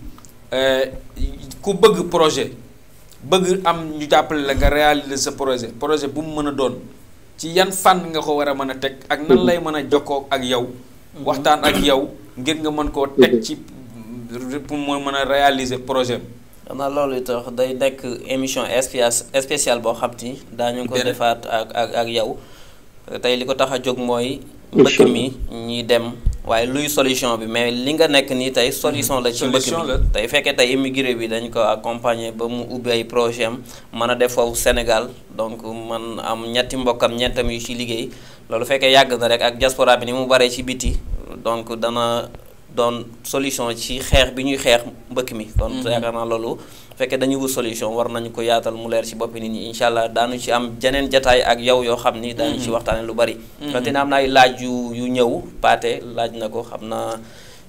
Speaker 2: ku bëgg projet bëgg am ñu jàppale la nga réaliser sa projet projet bu mu mën a doon ci yan fànn nga ko war a mën a teg ak nan lay mën a jokkook ak yow mhm. waxtaan
Speaker 6: ak yow ngir nga mën koo teg mhm. ci pour mu mën a réaliser projet xanaa loolu itam day nekk émission spéciale boo xam ni daañu ko defaat ak ak ak yow tey li ko tax a jóg mooy mbëkk mi ñuy dem waaye luy solution bi mais li nga nekk nii tey solution la ci mbëkk bi tey fekkee tey immigré bi dañ ko accompagner ba mu ubbi ay projet am mën a def foofu Sénégal donc man am ñetti mbokkam ñeentam yu ci liggéey loolu fekkee yàgg na rek ak diaspora bi ni mu baree ci biti donc dana doon solution ci xeex bi ñuy xeex mbëkk mi mm-hmm. kon yaakaar naa loolu fekkee dañuy wut solution war nañu ko yaatal mu leer ci boppi nit ñi incha allah daanu ci am jeneen jataay ak yow yoo xam ni daanu ci mm-hmm. waxtaane lu bari wante mm-hmm. na am na ay laaj yu yu ñëw paate laaj na ko xam na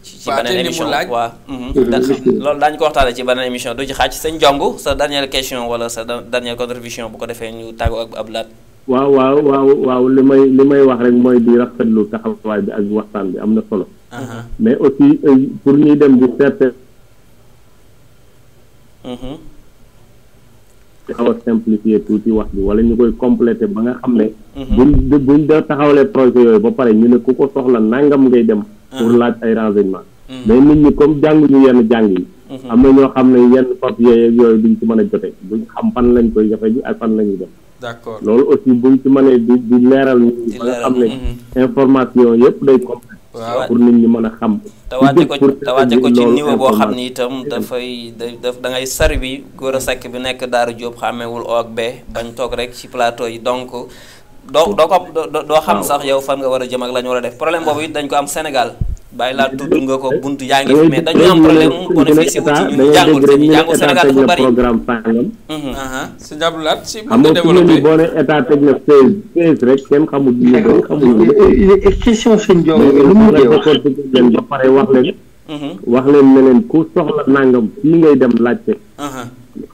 Speaker 3: ci ci beneen émission waaw
Speaker 6: mm-hmm. loolu daañu ci sañ émission du ci xaaj sëñ jong sa dernière question wala sa dernière contribution bu ko defee ñu tàggoo ak ab laat
Speaker 4: waaw waaw waaw waaw li may li may wax rek mooy di rafetlu taxawaay bi ak waxtaan bi am na solo uh-huh. mais aussi euh, pour ñuy dem di seet di mm-hmm. xaw a simplifier tuuti wax bi wala ñu koy complété ba nga xam ne. Mm-hmm. buñ buñ da taxawalee projet yooyu ba pare ñu ne ku ko soxla nangam ngay dem. pour mm-hmm. laaj ay renseignement mais nit ñi comme jànguñu yenn jàng yi. am na ñoo xam ne yenn papier yeeg yooyu duñ ci mën a jote buñ xam fan lañ koy joxe ji ak fan lañuy dem. d'accord loolu aussi buñ ci mënee di di leeral. di leeral ba nga xam ne information yëpp day complété. waaw pour nit mën a xam. te wàcce ko te wàcce ko ci niveau boo xam ni
Speaker 6: itam dafay da da ngay sar bi góor a sekk bi nekk Daaru Jóob xàmmewul oo ak bee bañ toog rek ci plateau yi donc. doo doo ko doo xam sax yow fan nga war a jëm ak lañu war a def problème boobu it dañ ko am Sénégal bàyyi laa tudd nga ko buntu yaa ngi fi mais dañu am problème mu bénéficié wu ci ñun jàngul te ñu jàngul Sénégal dafa bari. Mhm. sëñ Abdou Lahad si bu ñu développé
Speaker 4: boo ne état teg na seize seize rek kenn xamul bi doon xamul. Eh, eh, eh, question sëñ Diop lu mu dee wax leen ba pare wax leen. Mhm. wax leen ne ku soxla nangam fii ngay dem laajte.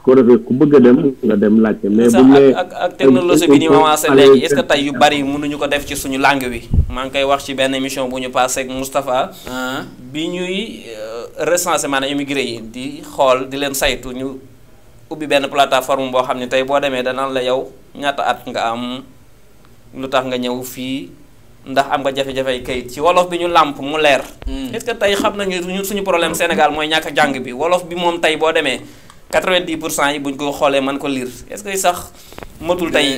Speaker 4: ko ku bëgg a dem nga dem laajte. mais ak ak technologie bi ñu avancé léegi est-ce
Speaker 6: bari mënuñu ko def ci suñu langue bi. maa ngi koy wax ci benn émission bu ñu passé ak Moustapha. Ah. bi ñuy euh, recensé maanaam immigré yi di xool di leen saytu ñu ubbi benn plateforme boo xam ne tey boo demee danaa la yow ñaata at nga am lu tax nga ñëw fii. ndax am nga jafe-jafe kayit ci wolof bi ñu làmp mu leer. Hmm. est-ce que tey xam nañu ñun suñu problème Sénégal mooy ñàkk jàng bi wolof bi moom tey boo demee. 90 pour cent yi buñ ko xoolee mën ko lire est-ce que sax matul tey.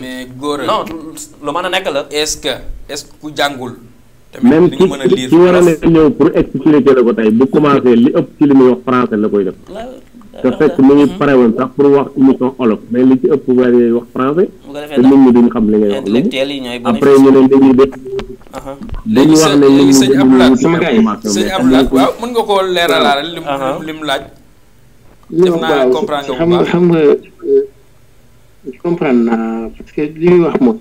Speaker 6: mais góor a nekk la. est-ce que est-ce que ku jàngul. tamit li nga mën a lire même
Speaker 4: ki war a ñëw la ko tey bu commencé li ëpp ci wax français la koy def. te fekk mu ngi pare woon sax pour wax émission olof mais li ci ëpp war ngay wax français. te nit ñi duñ xam li ngay wax léegi après ñu ne dañuy def.
Speaker 3: léegi sëñ léegi sëñ
Speaker 4: Abdoulaye sëñ Abdoulaye waaw mën
Speaker 2: nga koo leeralal lim lim laaj.
Speaker 1: def naa xam nga comprendre naa li ñuy wax moom.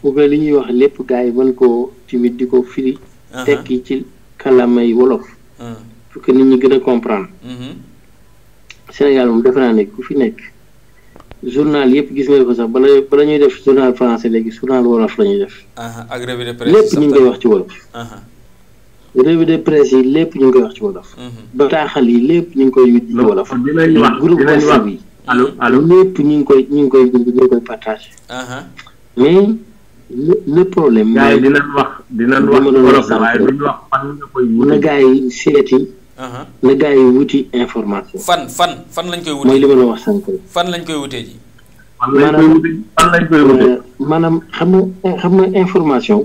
Speaker 1: pour que li ñuy wax lépp gars yi mën ko timit di ko firi. tekki ci kalamay wolof. pour que nit ñi gën a comprendre. Mhm. Sénégal moom defe naa ne ku fi nekk journal yëpp gis nga ko sax bala bala ñuy def journal français léegi journal wolof la ñuy def.
Speaker 2: ak lépp ñu ngi wax
Speaker 1: ci wolof. revue de presse yi lépp ñu ngi koy wax ci wolof. Mhm. bataaxal yi lépp ñu ngi koy bind ci wolof. dinañ wax groupe WhatsApp yi. allo allo lépp ñu ngi koy ñu ngi koy bind ñu ngi koy partagé. mais le le problème. gars yi dinañ wax dinañ wax seeti. na gars yi wuti information. fan
Speaker 2: fan fan lañ koy wutee mooy li ma wax sànq. fan fan lañ koy wutee
Speaker 1: fan euh, maanaam xam nga xam nga information.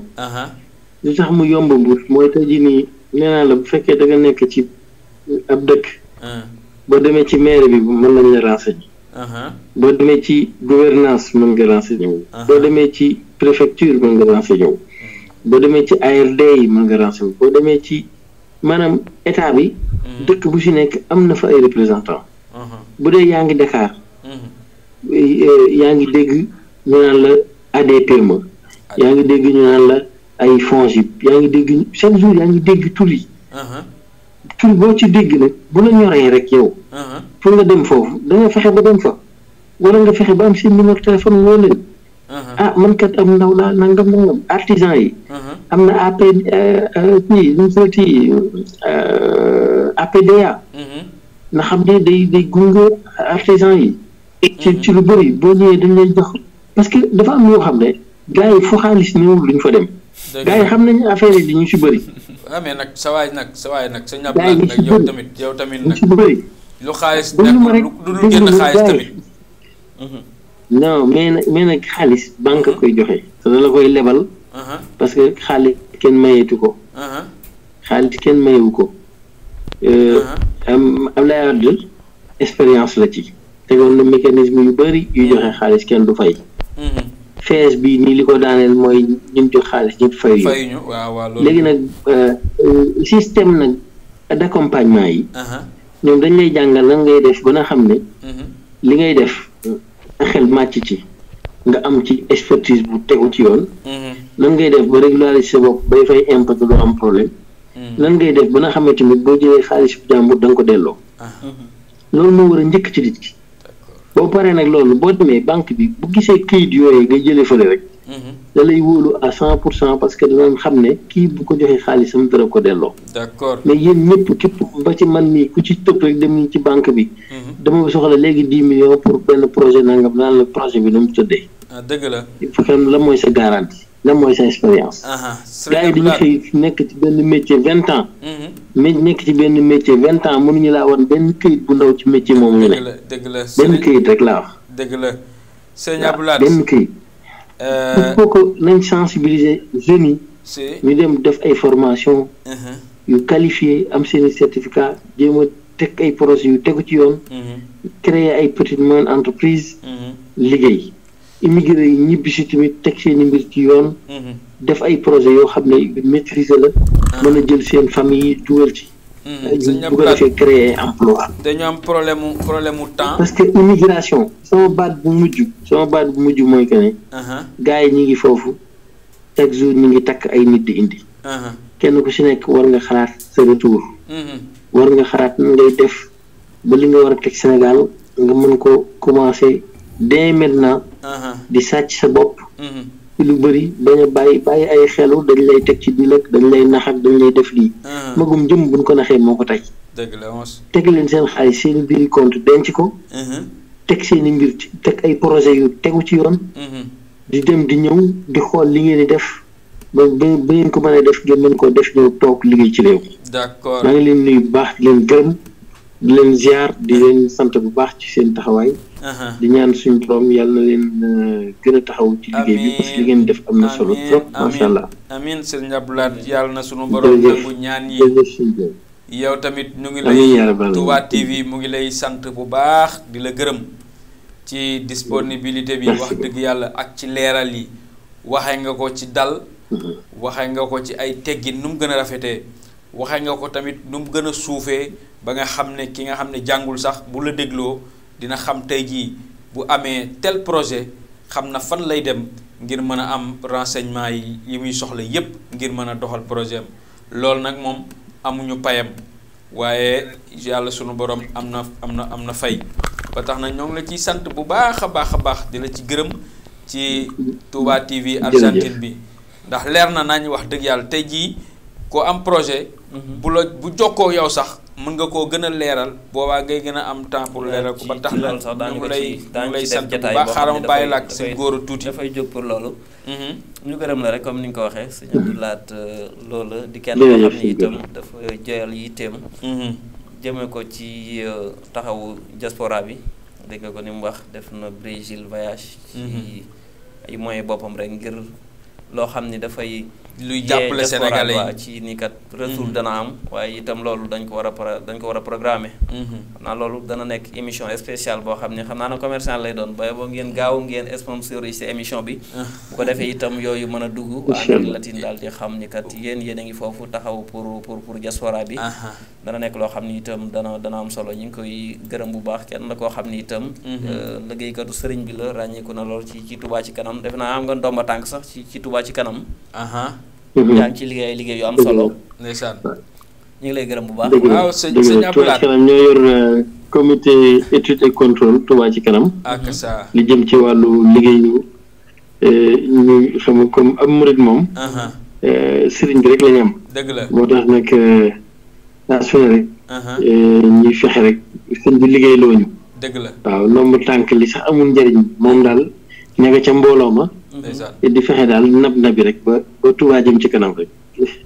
Speaker 1: lu tax mu yomb bu mooy tey jii nii nee la bu fekkee danga nga nekk ci ab dëkk. Ah. boo demee ci maire bi mën nañ la renseigner. Uh-huh. boo demee ci gouvernance mën nga renseigner wu. Uh-huh. boo demee ci préfecture mën nga renseigner mm. boo demee ci ARD yi mën nga renseigner wu boo demee ci maanaam état bi. Mm. dëkk bu ci nekk am na fa ay représentants. Uh-huh. bu dee yaa ngi Dakar.
Speaker 3: Mm-hmm.
Speaker 1: Eh, yaa ngi dégg ñu naan la ADPME. yaa ngi dégg ñu naan la. ay fonds yi yaa ngi dégg chaque jour yaa ngi dégg tur yi.
Speaker 3: Uh-huh.
Speaker 1: boo ci dégg nag bu la ñoree rek yow. Uh-huh. pour nga dem foofu da fexe ba dem fa wala nga fexe ba am seen numéro téléphone woo leen.
Speaker 3: Uh-huh.
Speaker 1: ah man kat am ndaw laa nangam nangam artisan yi. am na AP eh, eh, kii nu mu tuddati APDA. Eh, nga xam ne day day gunge artisan yi. ci ci lu bëri boo ñëwee dañ lay jox parce que dafa am yoo xam ne gars yi fu xaalis ñëwul duñ fa dem. gars yi xam nañu affaire yi ñu si bëri.
Speaker 2: waaw ah, mais nag sa nag sa nag sa ñàpp nag yow tamit yow tamit nag si bëri. lu xaalis
Speaker 1: nekk lu génn xaalis tamit. Mhm. non mais nag mais xaalis banque mhm. koy joxe. te la koy lebal. Mhm. parce que xaalis kenn mayeetu ko. xaalis kenn mayewu ko. Euh, am Abdoulaye Wade expérience la ci. tegoon na mécanisme yu bëri yu joxe xaalis kenn du fay. fees bi nii li ko daaneel mooy ñun jot xaalis ñëpp fayuñu fayuñu
Speaker 2: waaw waaw léegi nag
Speaker 1: euh, système nag accompagnement yi ñoom dañ lay jàngal lan ngay def ba na xam ne mhm. li ngay def xel màcc ci nga am ci expertise bu tegu ci yoon mhm. lan ngay def ba régulariser sa bopp bay fay impact doo am problème mhm. lan ngay def ba nga xam ne tamit boo jëlee xaalis bu jàmbur da ko delloo loolu moo war a njëkk ci nit boo paree nag loolu boo demee banque bi bu gisee këyit yooyu nga jëlee fële rek. Mhm. da lay wóolu à cent pour cent parce que danañ xam ne kii bu ko joxee xaalisam dara ko delloo. d'accord mais yéen ñëpp képp ba ci man mii ku ci tëb rek dem ci banque bi. Mhm. dama soxla léegi dix millions pour benn projet nangam naan la projet bi nu mu tëddee. ah dëgg la. xam la mooy sa garantie. lan mooy sa expérience. gars yi dañu xëy nekk ci benn métier vingt ans. Mhm. mais nekk ci benn métier vingt ans mënuñu laa wan benn këyit bu ndaw ci métier moom ñu ne. la
Speaker 2: dëgg la benn këyit rek laa wax. la sëñ Abdou Lahat benn këyit. Euh,
Speaker 1: il faut que nañ sensibiliser jeunes yi. ñu dem def ay formation mhm. yu qualifié am seen certificat jéem a teg ay projets yu tegu ci yoon. Mhm. créer ay petites moyennes entreprises. liggéey. immigré yi ñibbi si tamit teg seen i mbir ci yoon. Mhm. def ay projet yoo xam ne maîtriser la. Ah. mën a jël seen famille yi dugal ci. Mhm. Euh, bu ko defee créer emploi.
Speaker 2: am problème problème mu temps. parce
Speaker 1: que immigration sama baat bu mujj. sama baat bu mujj mooy que ne. gars yi ñu ngi foofu chaque jour ñu ngi takk ay nit di indi. kenn ku si nekk war nga xalaat sa retour. Mhm. war nga xalaat nan ngay def ba li nga war a teg Sénégal nga mën ko commencer dès maintenant. Uh-huh. di sàcc sa bopp mm-hmm. ci lu bëri ba a bàyyi bàyyi ay xelu dañ lay teg ci di lëkk dañ lay nax ak dañ lay def lii uh-huh. magum jëm buñ ko naxee moo ko tey teg leen seen xaalis seen mbiri compte denc ko mm-hmm. teg seen ngir mbir teg ay projet yu tegu ci yoon mm-hmm. di dem di ñëw di xool li ngeen di def ba ba ñu ko mën a def ngeen mën koo def ñëw toog liggéey ci réew.
Speaker 2: d'accord maa ngi
Speaker 1: leen nuyu baax di leen gërëm di leen ziar di leen sant bu baax ci seen taxawaay. Uh-huh. di ñaan suñu borom yàlla na leen uh, gën a taxaw ci liggéey bi parce que li def am na solo trop macha allah.
Speaker 2: amiin sëriñ Abdoulaye yàlla na suñu borom nangu ñaan yi yow tamit ñu ngi lay Touba TV mu ngi lay sant bu baax di la gërëm ci disponibilité bi wax dëgg yàlla ak ci leeral yi waxee nga ko ci dal mm-hmm. waxee nga ko ci ay teggin nu mu gën a rafetee waxe nga ko tamit nu mu gën a suufee ba nga xam ne ki nga xam ne jàngul sax bu la dégloo dina xam tey jii bu amee tel projet xam na fan lay dem ngir mën a am renseignement yi yi muy soxla yépp ngir mën a doxal projet am loolu nag moom amuñu payam waaye yàlla sunu borom am na am na am na fay ba tax na ñoo la ciy sant bu baax a baax a baax di la ci gërëm ci Touba TV Argentine bi ndax leer na nañ wax dëgg yàlla tey jii ko am projet Mhm. bu la bu jokkoo yow sax mën nga koo gën a leeral boobaa ngay gën a am temps
Speaker 6: leeral ko ba tax ma bàyyi la ak seen góor a tuuti dafay jóg pour loolu mhm. ñu gërëm la rek comme ni nga ko waxee suñu mhm. abdulaat euh, loola di kenn ko xam ne itam dafa joyal yitteem jëme ko ci euh, taxawu diaspora bi dégg nga ko ni mu wax def na Brésil voyage ci ay moyens boppam rek ngir loo xam ni dafay luy jàppale Sénégalais yi ci ni kat retour mm-hmm. dana am waaye itam loolu dañ ko war a dañ ko war a programmer mm-hmm. xam naa loolu dana nekk émission spéciale boo xam ne xam naa ne commercial lay doon ba boo ngeen gaaw ngeen sponsorisé émission bi ah. bu ko defee itam yooyu mën a dugg waa Amérique latine daal di xam ni kat yéen a ngi foofu taxaw pour pour pour bi ah, ah. dana nekk loo xam ni itam dana dana am solo ñu ngi koy gërëm bu baax kenn la koo xam ni itam. Mhm. Euh, liggéeykatu sëriñ bi la ràññeeku na lool ci ci Touba ci kanam defe naa am nga tànk sax ci ci Touba ci kanam. ci liggéey liggéey am solo. ndeysaan ñu ngi lay gërëm bu baax. waaw sëñ sëñ Touba ci kanam
Speaker 1: ñoo yor euh, comité étude et contrôle Touba ci kanam.
Speaker 2: ak ah, ça
Speaker 1: li jëm ci wàllu liggéeyu euh, ñu xam comme am murid moom. sëriñ bi rek la am. dëgg la moo tax nag. saa su ne rek. ñuy fexe rek sëñ bi liggéey loo ñu. dëgg la waaw nomb tànk li sax amul njëriñ moom daal ña nga ca mbooloo ma. di fexe daal nab nabi rek ba ba Touba jëm ci kanam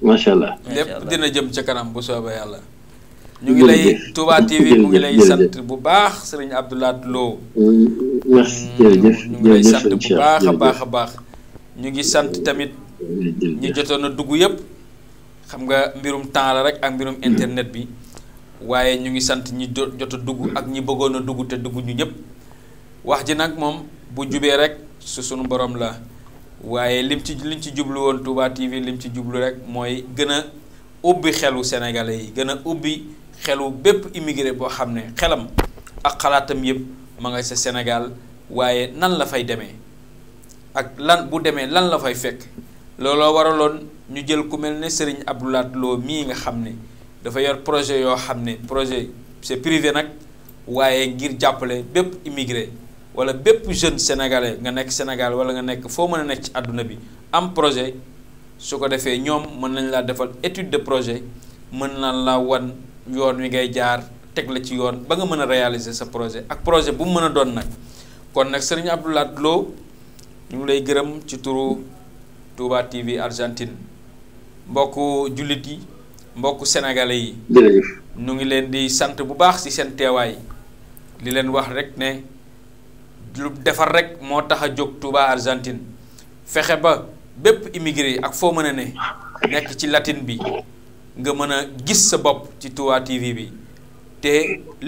Speaker 1: macha allah.
Speaker 3: lépp
Speaker 2: jëm ca kanam bu soobee yàlla.
Speaker 1: ñu ngi lay Touba TV mu ngi lay sant
Speaker 2: bu baax sëriñ Abdoulaye Lo.
Speaker 1: merci jërëjëf ñu ngi lay bu baax mm, mm, a baax baax.
Speaker 2: ñu ngi sant tamit ñu jotoon a dugg yëpp. xam nga mbirum temps la rek ak mbirum hmm. internet bi waaye ñu ngi sant ñi jot a ak ñi bëggoon a dugg te dugg ñu ñëpp wax ji nag moom bu jubee rek su sunu borom la waaye lim ci liñ ci jublu woon Touba TV lim ci jublu rek mooy gën a ubbi xelu sénégalais yi gën a ubbi xelu bépp immigré boo xam ne xelam ak xalaatam yëpp ma nga sa Sénégal waaye nan la fay demee ak lan bu demee lan la fay fekk. looloo waraloon ñu jël ku mel ne Serigne Abdou Lahad Lo mii nga xam ne dafa yor projet yoo xam ne projet c'est privé nag waaye ngir jàppale bépp immigré wala bépp jeune sénégalais nga nekk Sénégal wala nga nekk foo mën a nekk ci àdduna bi am projet su ko defee ñoom mën nañ laa defal étude de projet mën nañ la wan yoon wi ngay jaar teg la ci yoon ba nga mën a réaliser sa projet ak projet bu mu mën a doon nag kon nag Serigne Abdou Lahad ñu lay gërëm ci turu. Touba TV Argentine mbokku jullit yi mbokku sénégalais yi. jërëjëf ñu ngi leen di sant bu baax ci seen teewaay li leen wax rek ne lu defar rek moo tax a jóg Touba Argentine fexe ba bépp immigré ak foo mën a ne nekk ci latin bi nga mën a gis sa bopp ci Touba TV bi te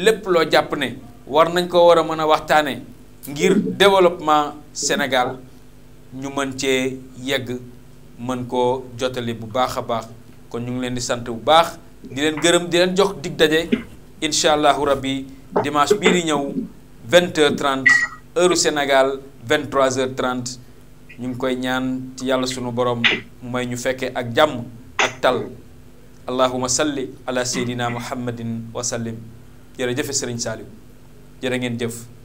Speaker 2: lépp loo jàpp ne war nañ ko war a mën a waxtaane ngir développement Sénégal. ñu mën cee yegg mën koo jottali bu baax a baax kon ñu ngi leen di sant bu baax di leen gërëm di leen jox dig daje incha allahu rabbi dimanche bii di ñëw 20h30 heure Sénégal 23h30 ñu ngi koy ñaan ci yàlla sunu borom mooy ñu fekkee ak jàmm ak tal allahuma salli ala seydina muhammadin wa sallim jërëjëf Sëriñ Saaliw jërë ngeen jëf